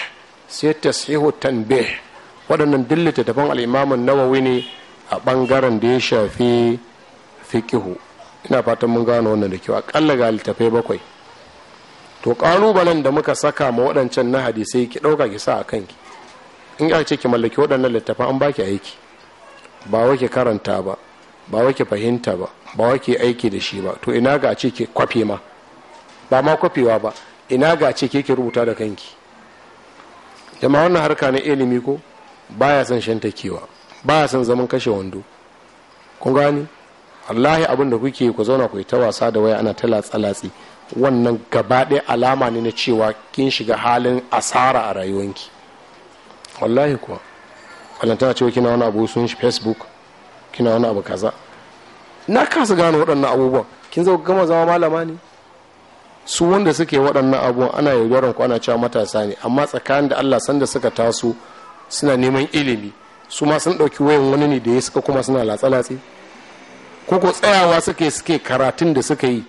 sai tashihu tanbih waɗannan dillita daban al'imamun nawa nawawi ne a ɓangaren da ya shafi fiƙihu ina fatan mun gano wannan da kyau akalla ga littafai bakwai to ƙalubalen da muka saka ma waɗancan na hadisai ki ɗauka ki sa a kanki in aka ce ki mallaki waɗannan littafan an baki aiki ba wake karanta ba ba wake fahimta ba ba wake aiki da shi ba to ina ga ce ke kwafe ma ba ma kwafewa ba ina ga ce ke ki rubuta da kanki jama wannan harka na ilimi ko baya son shan takewa baya son zaman kashe wando kun gani wallahi abin da kuke ku zauna ku yi ta wasa da waya ana ta latsi wannan gaba ɗaya alama ne na cewa kin shiga halin asara a rayuwanki wallahi kuwa wannan tana cewa kina wani abu sun shi facebook kina wani abu kaza na kasa gane waɗannan abubuwan kin zo gama zama malama ne su wanda suke waɗannan abubuwan ana yaudaran ku ana cewa matasa ne amma tsakanin da Allah sanda suka taso suna neman ilimi su ma sun ɗauki wayan wani ne da ya suka kuma suna latsalatsi ko ko tsayawa suke suke karatun da suka yi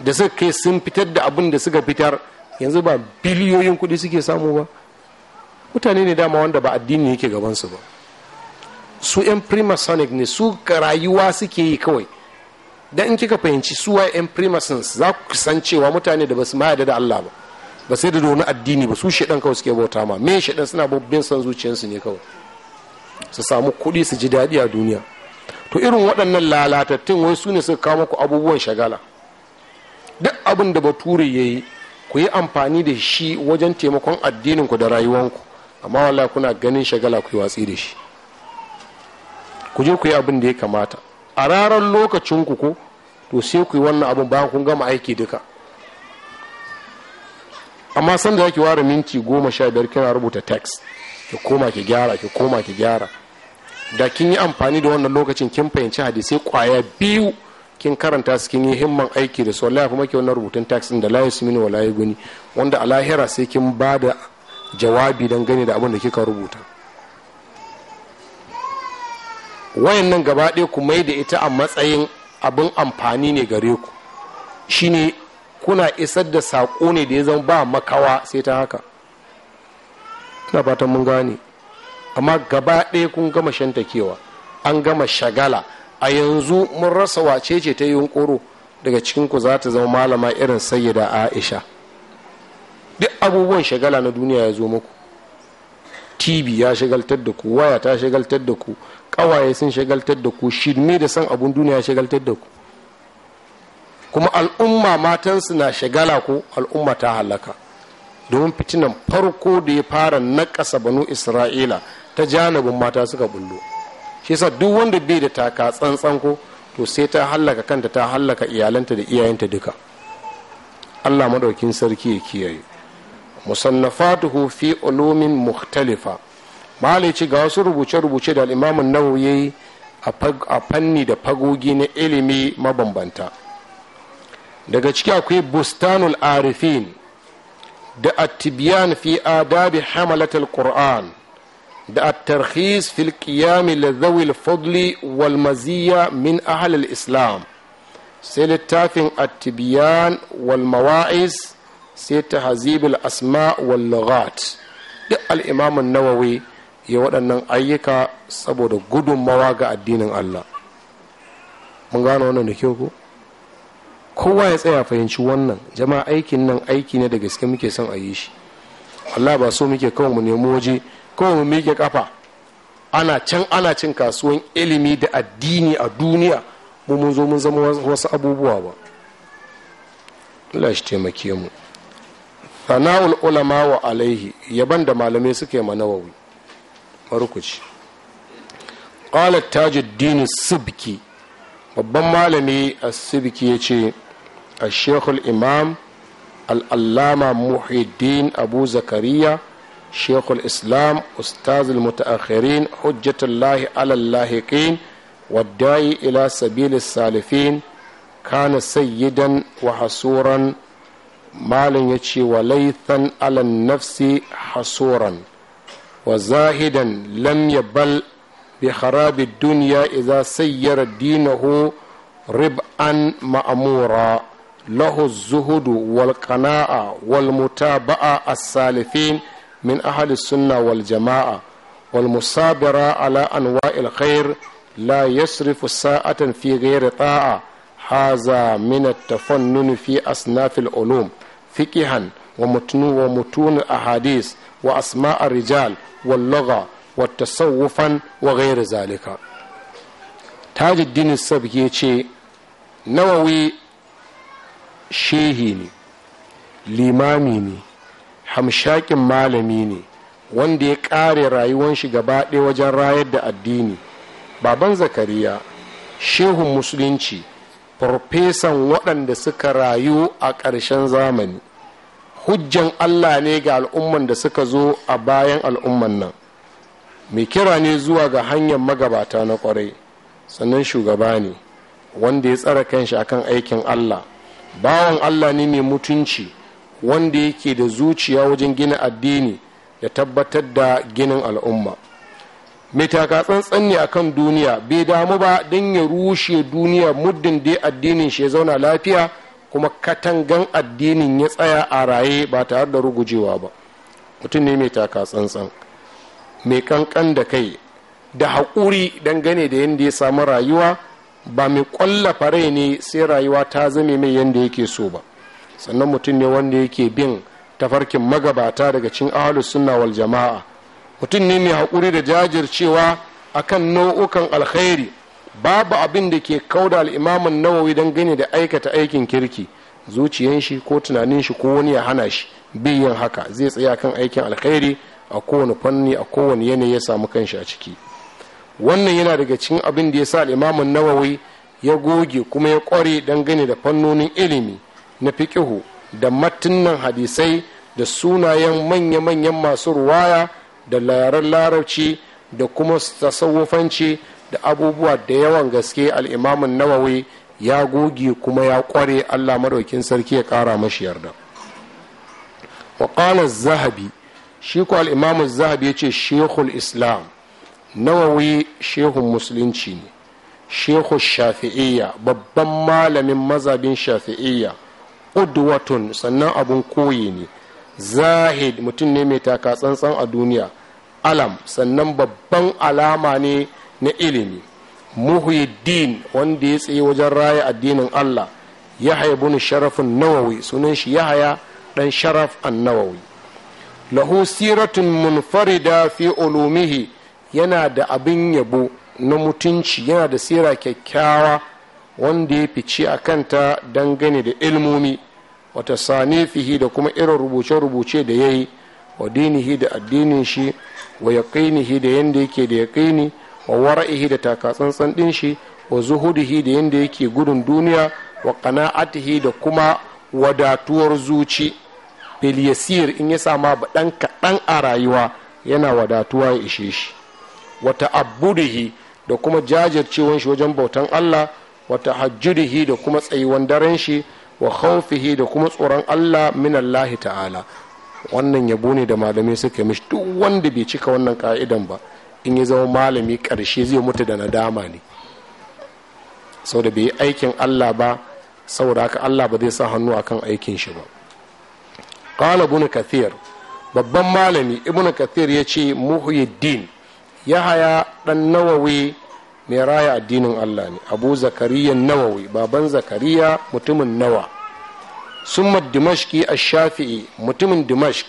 da suka kai sun fitar da abin da suka fitar yanzu ba biliyoyin kuɗi suke samu ba mutane ne dama wanda ba addini yake gabansu ba su 'yan primasonic ne su rayuwa suke yi kawai dan in kika fahimci su wa 'yan primasons za ku san cewa mutane da ba su ma da Allah ba ba sai da wani addini ba su shaidan kawai suke bauta ma me shaidan suna bin son zuciyarsu ne kawai su samu kuɗi su ji daɗi a duniya to irin waɗannan lalatattun wai su ne suka kawo muku abubuwan shagala duk abin da bature ya yi ku yi amfani da shi wajen taimakon addininku da rayuwanku amma wala kuna ganin shagala ku yi watsi da shi ku je ku yi abin da ya kamata a ranar lokacin ku ko to sai ku yi wannan abin bayan kun gama aiki duka amma san da yake ware minti goma sha biyar kina rubuta text ki koma ki gyara ki koma ki gyara da kin yi amfani da wannan lokacin kin fahimci hadisai kwaya biyu kin karanta su kin yi himman aiki da su wallahi kuma ke wannan rubutun tax din da la yusminu wa la guni wanda a lahira sai kin ba da jawabi dangane da abin da kika rubuta wayannan gaba ɗaya ku mai da ita a matsayin abin amfani ne gare ku shine kuna isar da saƙo ne da ya zama ba makawa sai ta haka ina fatan mun gane amma gaba ɗaya kun gama shantakewa an gama shagala a yanzu mun rasa wace ce ta yi yunƙuro daga cikinku za ta zama malama irin sayyida aisha duk abubuwan shagala na duniya ya zo muku tv ya shagaltar da ku waya ta shagaltar da ku kawaye sun shagaltar da ku shirme da san abun duniya ya shagaltar da ku kuma al'umma matansu na shagala ko al'umma ta halaka domin fitinan farko da ya fara nakasa banu isra'ila ta janabin mata suka bullo shi yasa duk wanda bai da taka tsantsan ko to sai ta hallaka kanta ta hallaka iyalanta da iyayenta duka allah madaukin sarki ya kiyaye musannafatuhu fi ulumin mukhtalifa ci ga wasu rubuce-rubuce da al'imamun nawawi a fanni da fagogi na ilimi mabambanta daga ciki akwai bustanul arifin da attibiyan fi adabi hamalatul qur'an da at-tarkhis fil qiyam li fadli wal maziya min ahli islam sai littafin attibiyan wal mawa'iz sai ta hazibul asma wal duk al'imamin nawawi ya waɗannan ayyuka saboda gudunmawa ga addinin Allah mun gano wannan da kyau ko kowa ya tsaya fahimci wannan jama'a aikin nan aiki ne da gaske muke son a yi shi Allah ba so muke kawai mu nemo waje kawai mu miƙe kafa ana can ana cin kasuwan ilimi da addini a duniya mu mun zo mun zama wasu abubuwa ba Allah shi taimake mu sana'ul ulama wa alaihi yaban da malamai suke manawawi marukuci ƙalar dini subki babban malami a subki ya ce a shekul imam al'allama muhiddin abu zakariya shekul islam ustazil mutaakhirin hujjatullahi alallahi ƙin wadda ila sabilin salifin kana sayyidan wa hasuran malin ya ce wa laithan alan nafsi hasoran wa zahidan lam bal bi harabi duniya idza sayyara dinahu rib'an ma'amura lahu zuhudu wal qana'a wal mutaba'a as-salifin min ahli sunna wal jama'a wal musabira ala anwa'il khair la yasrifu sa'atan fi ghairi ta'a haza min at fi asnafil ulum fiqihan wa mutunu wa mutun ahadis wa asma' rijal wal lugha wa tasawufan wa ghayr zalika tajuddin sabki yace nawawi shehi ne limami ne hamshakin malami ne wanda ya kare rayuwan shi gaba wajen rayar da addini baban zakariya shehun musulunci farfesan waɗanda suka rayu a ƙarshen zamani hujjan allah ne ga al'umman da suka zo a bayan al'umman nan mai kira ne zuwa ga hanyar magabata na kwarai sannan shugaba ne wanda ya tsara kanshi akan aikin allah bawan allah ne mai mutunci wanda yake da zuciya wajen gina addini da tabbatar da ginin al'umma mai taka tsantsan ne kan duniya bai damu ba don ya rushe duniya muddin dai addinin shi ya zauna lafiya kuma katangan addinin ya tsaya a raye ba tare da rugujewa ba mutum ne mai taka tsantsan mai kankan da kai da haƙuri gane da yadda ya samu rayuwa ba mai ƙwallafa rai ne sai rayuwa ta zame mai yadda yake so ba sannan mutum ne wanda yake bin tafarkin magabata daga cin ahalus sunna wal jama'a mutum ne mai haƙuri da jajircewa a kan nau'ukan alkhairi babu abin da ke kau da al'imamin nawawi don gani da aikata aikin kirki zuciyan shi ko tunanin shi ko wani ya hana shi biyan haka zai tsaya kan aikin alkhairi a kowane fanni a kowane yanayi ya samu kanshi a ciki wannan yana daga cikin abin da ya sa al'imamin nawawi ya goge kuma ya ƙware kware gani da fannonin ilimi na fiƙihu da matinnan hadisai da sunayen manya-manyan masu ruwaya da yaren larabci da kuma tasawufanci da abubuwa da yawan gaske al'imamin nawawi ya goge kuma ya kware allah maraukin sarki ya kara mashi yarda wakalar zahabi shi ku al'imamin zahabi ya ce shehul islam nawawi shehun musulunci ne shehu shafi'iyya babban malamin mazabin shafi'iyya watan sannan abun koyi ne zahid mutum ne mai taka tsantsan a duniya alam sannan babban alama ne na ilimi muhyiddin wanda ya tsaye wajen raya addinin allah ya yahaya ni sharafin nawawi sunan shi ya haya dan sharaf an nawawi lahu siratun munfarida fi ulumihi yana da abin yabo na mutunci yana da sira kyakkyawa wanda ya fice a kanta dangane da ilmomi wata sanifihi da kuma irin rubuce-rubuce da ya yi wa dinihi da addinin shi wa yaƙinihi da yadda yake da yaƙini wa wara'ihi da takatsantsan ɗin shi wa zuhudihi da yadda yake gudun duniya wa qana'atihi da kuma wadatuwar zuci filiyasir in ya sama ba ɗan kaɗan a rayuwa yana wadatuwa ya ishe shi wata ta'abbudihi da kuma jajircewan shi wajen bautan Allah wata tahajjudihi da kuma tsayuwan daren shi wa khawfihi da kuma tsoron Allah min Allah ta'ala wannan yabo ne da malamai suka mishi duk wanda bai cika wannan ka'idan ba in ya zama malami karshe zai mutu da nadama ne sau da bai aikin Allah ba saboda haka Allah ba zai sa hannu akan aikin shi ba qala ibn kathir babban malami ibn kathir yace muhyiddin yahaya dan nawawi mai raya addinin Allah ne abu zakariya nawawi baban zakariya mutumin nawa summa dimashki a shafi'i mutumin dimashk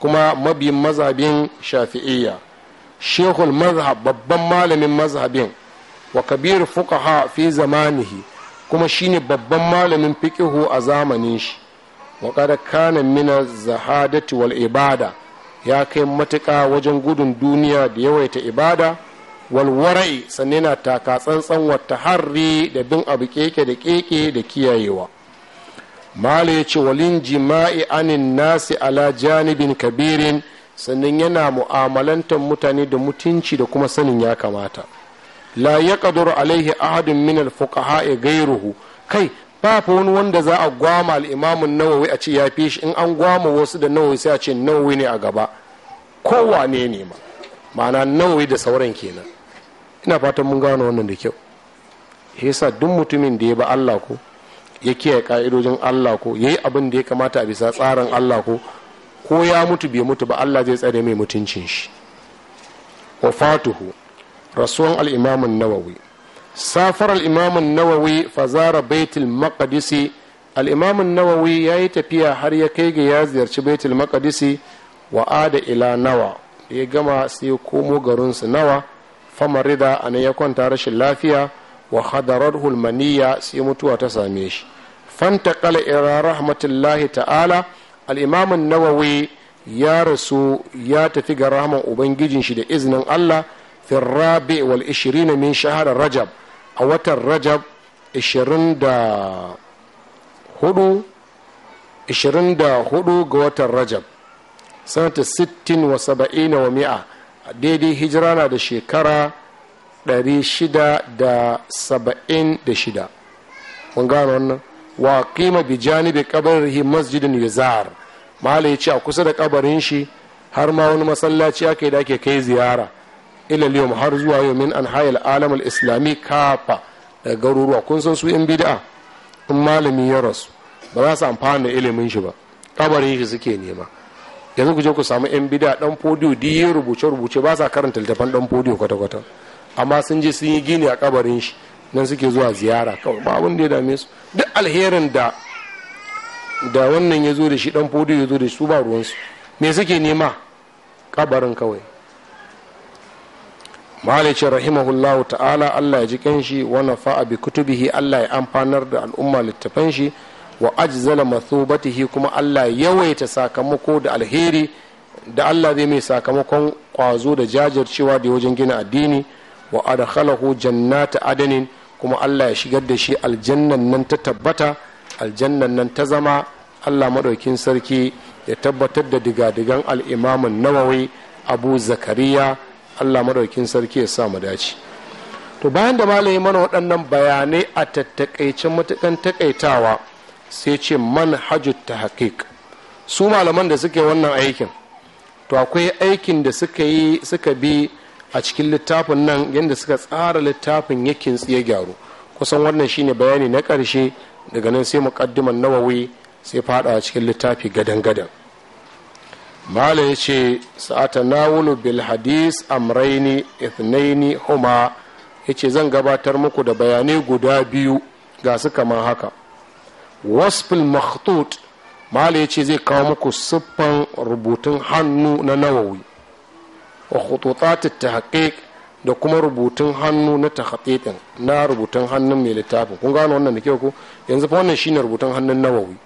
kuma mabiyin mazhabin shafi'iyya shehul mazhab babban malamin mazhabin wa kabir fuqaha fi zamanihi kuma shine babban malamin fiqihu a zamanin shi wa kada kana mina zahadati wal ibada ya kai matuƙa wajen gudun duniya da yawaita ibada walwarai sannan na taka tsantsan wata harri da bin abu keke da keke da kiyayewa mala ya ce walin jima'i anin nasi ala janibin kabirin sannan yana mu'amalantar mutane da mutunci da kuma sanin ya kamata la ya alaihi ahadin min alfuqaha gairuhu kai ba fa wani wanda za a gwama al'imamin nawawi a ce ya fi shi in an gwama wasu da nawawi sai a ce nawawi ne a gaba ne ne ma ma'ana nawawi da sauran kenan ina fatan mun gano wannan da kyau yasa duk mutumin da ya ba Allah ko ya kiyaye ka'idojin Allah ko yayi abin da ya kamata a bisa tsarin Allah ko ko ya mutu bai mutu ba Allah zai tsare mai mutuncin shi wafatuhu rasuwan al-Imam nawawi safar al nawawi fazara baitul maqdisi al-Imam nawawi yayi tafiya har ya kai ga ya ziyarci baitul maqdisi wa ada ila nawa ya gama sai komo garinsu nawa famarida a nan ya kwanta rashin lafiya wa hadarar hulmaniya sai mutuwa ta same shi fanta kala ira rahmatullahi ta'ala al'imamin nawawi ya rasu ya tafi ga rahman ubangijin shi da izinin allah firrabe wal ishirin min shahar rajab a watan rajab ishirin da hudu ga watan rajab sanata sittin wa saba'ina wa mi'a daidai hijira na da shekara 676 mun gano wannan wa kima bi janibi kabarihi masjidin yuzar mala ya ce a kusa da kabarin shi har ma wani masallaci aka da ake kai ziyara ilal yau har zuwa yau min an hayar alam islami kafa da garuruwa kun san su yan bid'a in malami ya rasu ba za su amfana da ilimin shi ba kabarin shi suke nema yanzu ku je ku samu yan bida dan fodiyo di yin rubuce rubuce ba sa karanta littafan dan fodiyo kwata kwata amma sun je sun yi gini a kabarin shi nan suke zuwa ziyara kawai ba abin da ya dame su duk alherin da da wannan ya zo da shi dan fodiyo ya zo da su ba ruwansu me suke nema kabarin kawai malicin rahimahullahu ta'ala allah ya ji kanshi wa nafa'a bi kutubihi allah ya amfanar da al'umma littafan shi wa ajzala mathubatihi kuma Allah yawaita sakamako da alheri da Allah zai mai sakamakon kwazo da jajircewa da wajen gina addini wa adkhalahu jannata adanin kuma Allah ya shigar da shi aljannan nan ta tabbata aljannan nan ta zama Allah madaukin sarki ya tabbatar da digadigan al'imamin nawawi abu zakariya Allah madaukin sarki ya sa mu dace to bayan da malami mana waɗannan bayanai a tattakaicin matukan takaitawa sai ce ta haƙiƙ su malaman da suke wannan aikin to akwai aikin da suka yi suka bi a cikin littafin nan yadda suka tsara littafin yakin tsiye gyaru kusan wannan shine bayani na ƙarshe daga nan sai muƙaddiman nawawi sai fada a cikin littafi gadan gadan mala ya ce sa'ata na bil hadis amraini ithnaini huma ya ce zan gabatar muku da bayanai guda biyu ga su kamar haka wasfil makhtut mala ya ce zai kawo muku siffan rubutun hannu na nawawi wa khututat tahqiq da kuma rubutun hannu na tahqiqin na rubutun hannun mai littafin kun gano wannan da kyau ko yanzu fa wannan shine rubutun hannun nawawi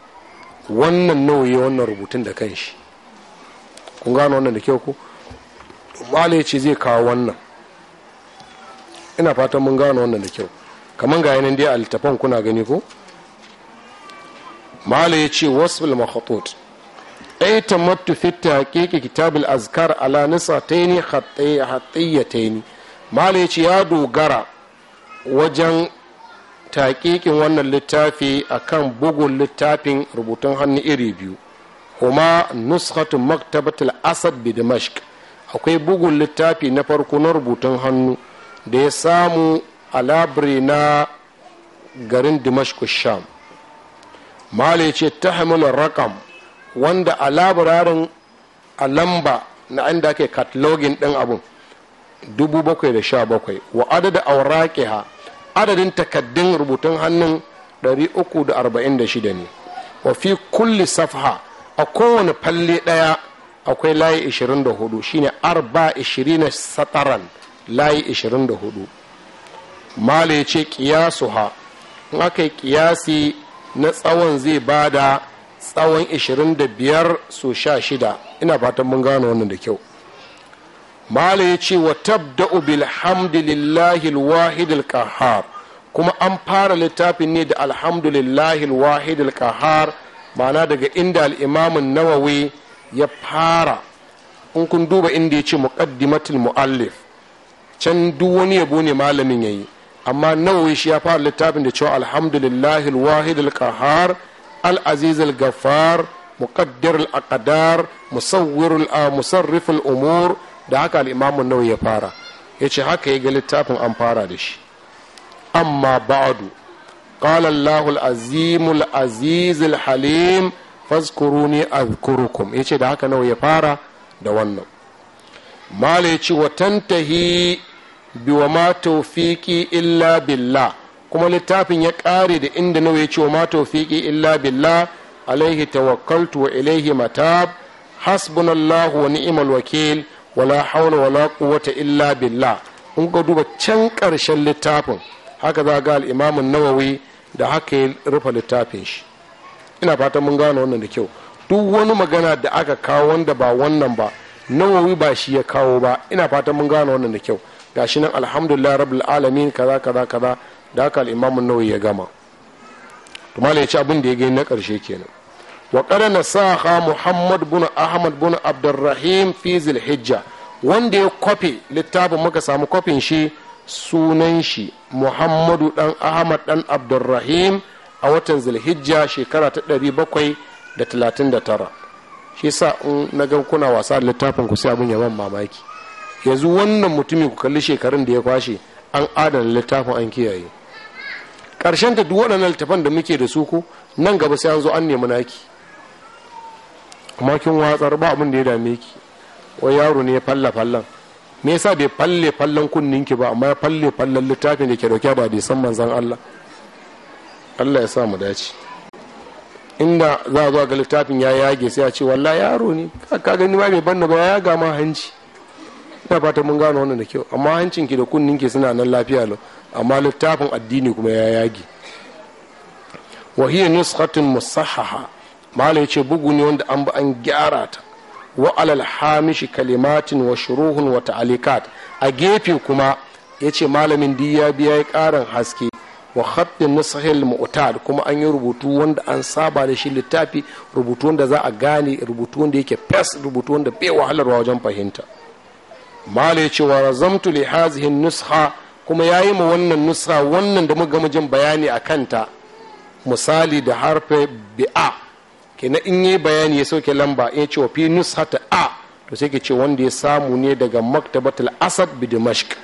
wannan nawawi wannan rubutun da kanshi kun gano wannan da kyau ko mala ya ce zai kawo wannan ina fatan mun gano wannan da kyau kaman ga yanayin dai a littafin kuna gani ko mala ya ce wasfil makhatut ta ta fitta hakiki kitabul azkar ala nisataini khatiyataini mala ya ce ya dogara wajen taƙiƙin wannan littafi a kan bugun littafin rubutun hannu iri biyu kuma nuskatun maktabatul asad bi akwai bugun littafi na farko na rubutun hannu da ya samu a labiri na garin dimashq sham mali ce ta hamilar rakam wanda a labararin a lamba na inda ake katalogin din abun 717 wa adada ha adadin takaddun rubutun hannun 346 ne wa fi kulli safha a kowane falle daya akwai layi 24 shine arba 20 sataran layi 24 mali ce kiyasu kiyasuha in aka yi kiyasi na tsawon zai ba da tsawon 25 so 16 ina fatan mun gano wannan da kyau mala ya ce wa tabda'u hamdulillahi wahidul kahar, kuma an fara littafin ne da alhamdulillahi wahidul kahar, ma'ana daga inda al'imamin nawawi ya fara in kun duba inda ya ce muqaddimatul muallif can duk wani yabo ne malamin yayi amma nawawi shi ya fara littafin da cewa alhamdulillahi alwahid alqahar al-aziz al-ghaffar muqaddir al-aqdar musawwir ah, musarrif al-umur da haka al-imam ya fara yace haka ya ga littafin an fara da shi amma ba'du qala allah al-azim al-aziz al-halim fazkuruni azkurukum yace da haka nawawi ya fara da wannan mala yace wa tantahi biwa ma taufiki illa billah kuma littafin ya ƙare da inda nawa ya ce wa ma taufiki illa billah alaihi tawakkaltu wa ilaihi matab hasbunallahu wa ni'mal wakil wala hawla wala quwwata illa billah in ka duba can karshen littafin haka za ga al'imamin nawawi da haka ya rufe littafin shi ina fatan mun gane wannan da kyau duk wani magana da aka kawo wanda ba wannan ba nawawi ba shi ya kawo ba ina fatan mun gane wannan da kyau gashi nan alhamdulillah rabbil alamin kaza kaza kaza da haka al-imam ya gama to malai ya abin da ya gani na karshe kenan wa qarana saha muhammad bin ahmad bin abdurrahim fi zilhijja wanda ya kwafe littafin muka samu kwafin shi sunan shi muhammadu dan ahmad dan abdurrahim a watan zilhijja shekara ta bakwai da talatin 739 shi sa in na ga kuna wasa a littafin ku sai abin yaban mamaki yanzu wannan mutumin ku kalli shekarun da ya kwashe an adana littafin an kiyaye ƙarshen ta duk waɗannan littafan da muke da su ku nan gaba sai an zo an nemi naki amma kin watsar ba abin da ya dame ki wai yaro ne ya falla fallan me yasa bai falle fallan kunnin ki ba amma ya falle fallan littafin da ke dauke da san manzon Allah Allah ya sa mu dace inda za a zo ga littafin ya yage sai a ce wallahi yaro ne ka gani ma bai banna ba ya ga ma hanci ina fata mun gano wannan da kyau amma hancin ki da ki suna nan lafiya lau amma littafin addini kuma ya yage wa hiya nuskhatun musahhaha mala yace bugu ne wanda an ba an gyara ta wa alal hamishi kalimatin wa shuruhun wa ta'alikat a gefe kuma yace malamin di ya biya ya karan haske wa khattin nusahil mu'tad kuma an yi rubutu wanda an saba da shi littafi rubutu wanda za a gane rubutu wanda yake fes rubutu wanda bai wahalarwa wajen fahimta mala ya ce wa razamtu li hazihin nusha kuma ya yi ma wannan nusha wannan da muka gama bayani a kanta misali da harfe bi'a kina in yi bayani ya sauke lamba ya ce wa fi ta a to sai ke ce wanda ya samu ne daga maktabatul asad bi dimashq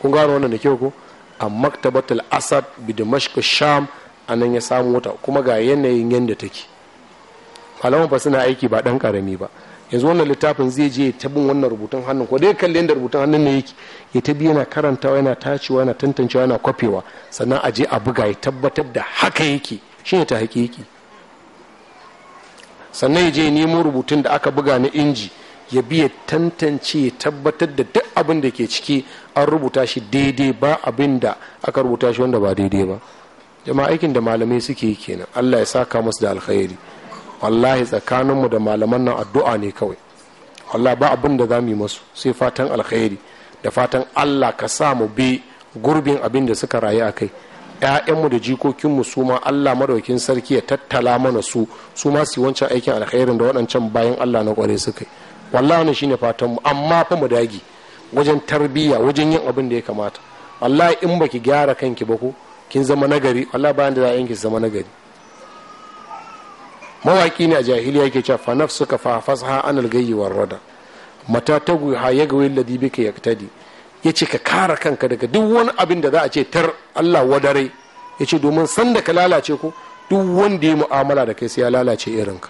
kun gano wannan da kyau ko a maktabatul asad bi dimashq sham a nan ya samu wata kuma ga yanayin yadda take malaman ba suna aiki ba dan karami ba yanzu wannan littafin zai je ta bin wannan rubutun hannun ko dai kalli yadda rubutun hannun ne yake ya ta bi yana karantawa yana tacewa yana tantancewa yana kwafewa sannan a je a buga ya tabbatar da haka yake shine ta hakiki sannan ya je nemo rubutun da aka buga na inji ya biya tantance ya tabbatar da duk abin da ke ciki an rubuta shi daidai ba abin da aka rubuta shi wanda ba daidai ba jama'a aikin da malamai suke yi kenan allah ya saka musu da alkhairi wallahi tsakaninmu da malaman nan addu'a ne kawai wallahi ba abin da za mu yi masu sai fatan alkhairi da fatan allah ka sa mu bi gurbin abin da suka rayu a kai ‘ya'yanmu da jikokinmu su ma allah madaukin sarki ya tattala mana su su ma su wancan aikin alkhairin da waɗancan bayan allah na ƙware suka yi wallahi ne shine fatanmu amma fa mu dagi wajen tarbiyya wajen yin abin da ya kamata wallahi in baki gyara kanki ba ko kin zama nagari wallahi bayan da za a yanki zama nagari mawaki ne a jahiliya yake cewa fa suka fa fasaha anal gayyi war rada mata ta ha yagawi alladhi ka yaktadi yace ka kara kanka daga duk wani abin da za a ce tar Allah wadare yace domin san da ka lalace ku duk wanda ya mu'amala da kai sai ya lalace irin ka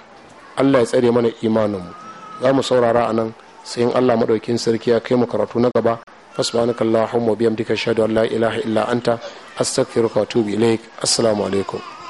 Allah ya tsare mana imaninmu za mu saurara anan sai in Allah madaukin sarki ya kai mu karatu na gaba فسبحانك اللهم وبحمدك اشهد ان لا اله الا انت استغفرك واتوب اليك السلام عليكم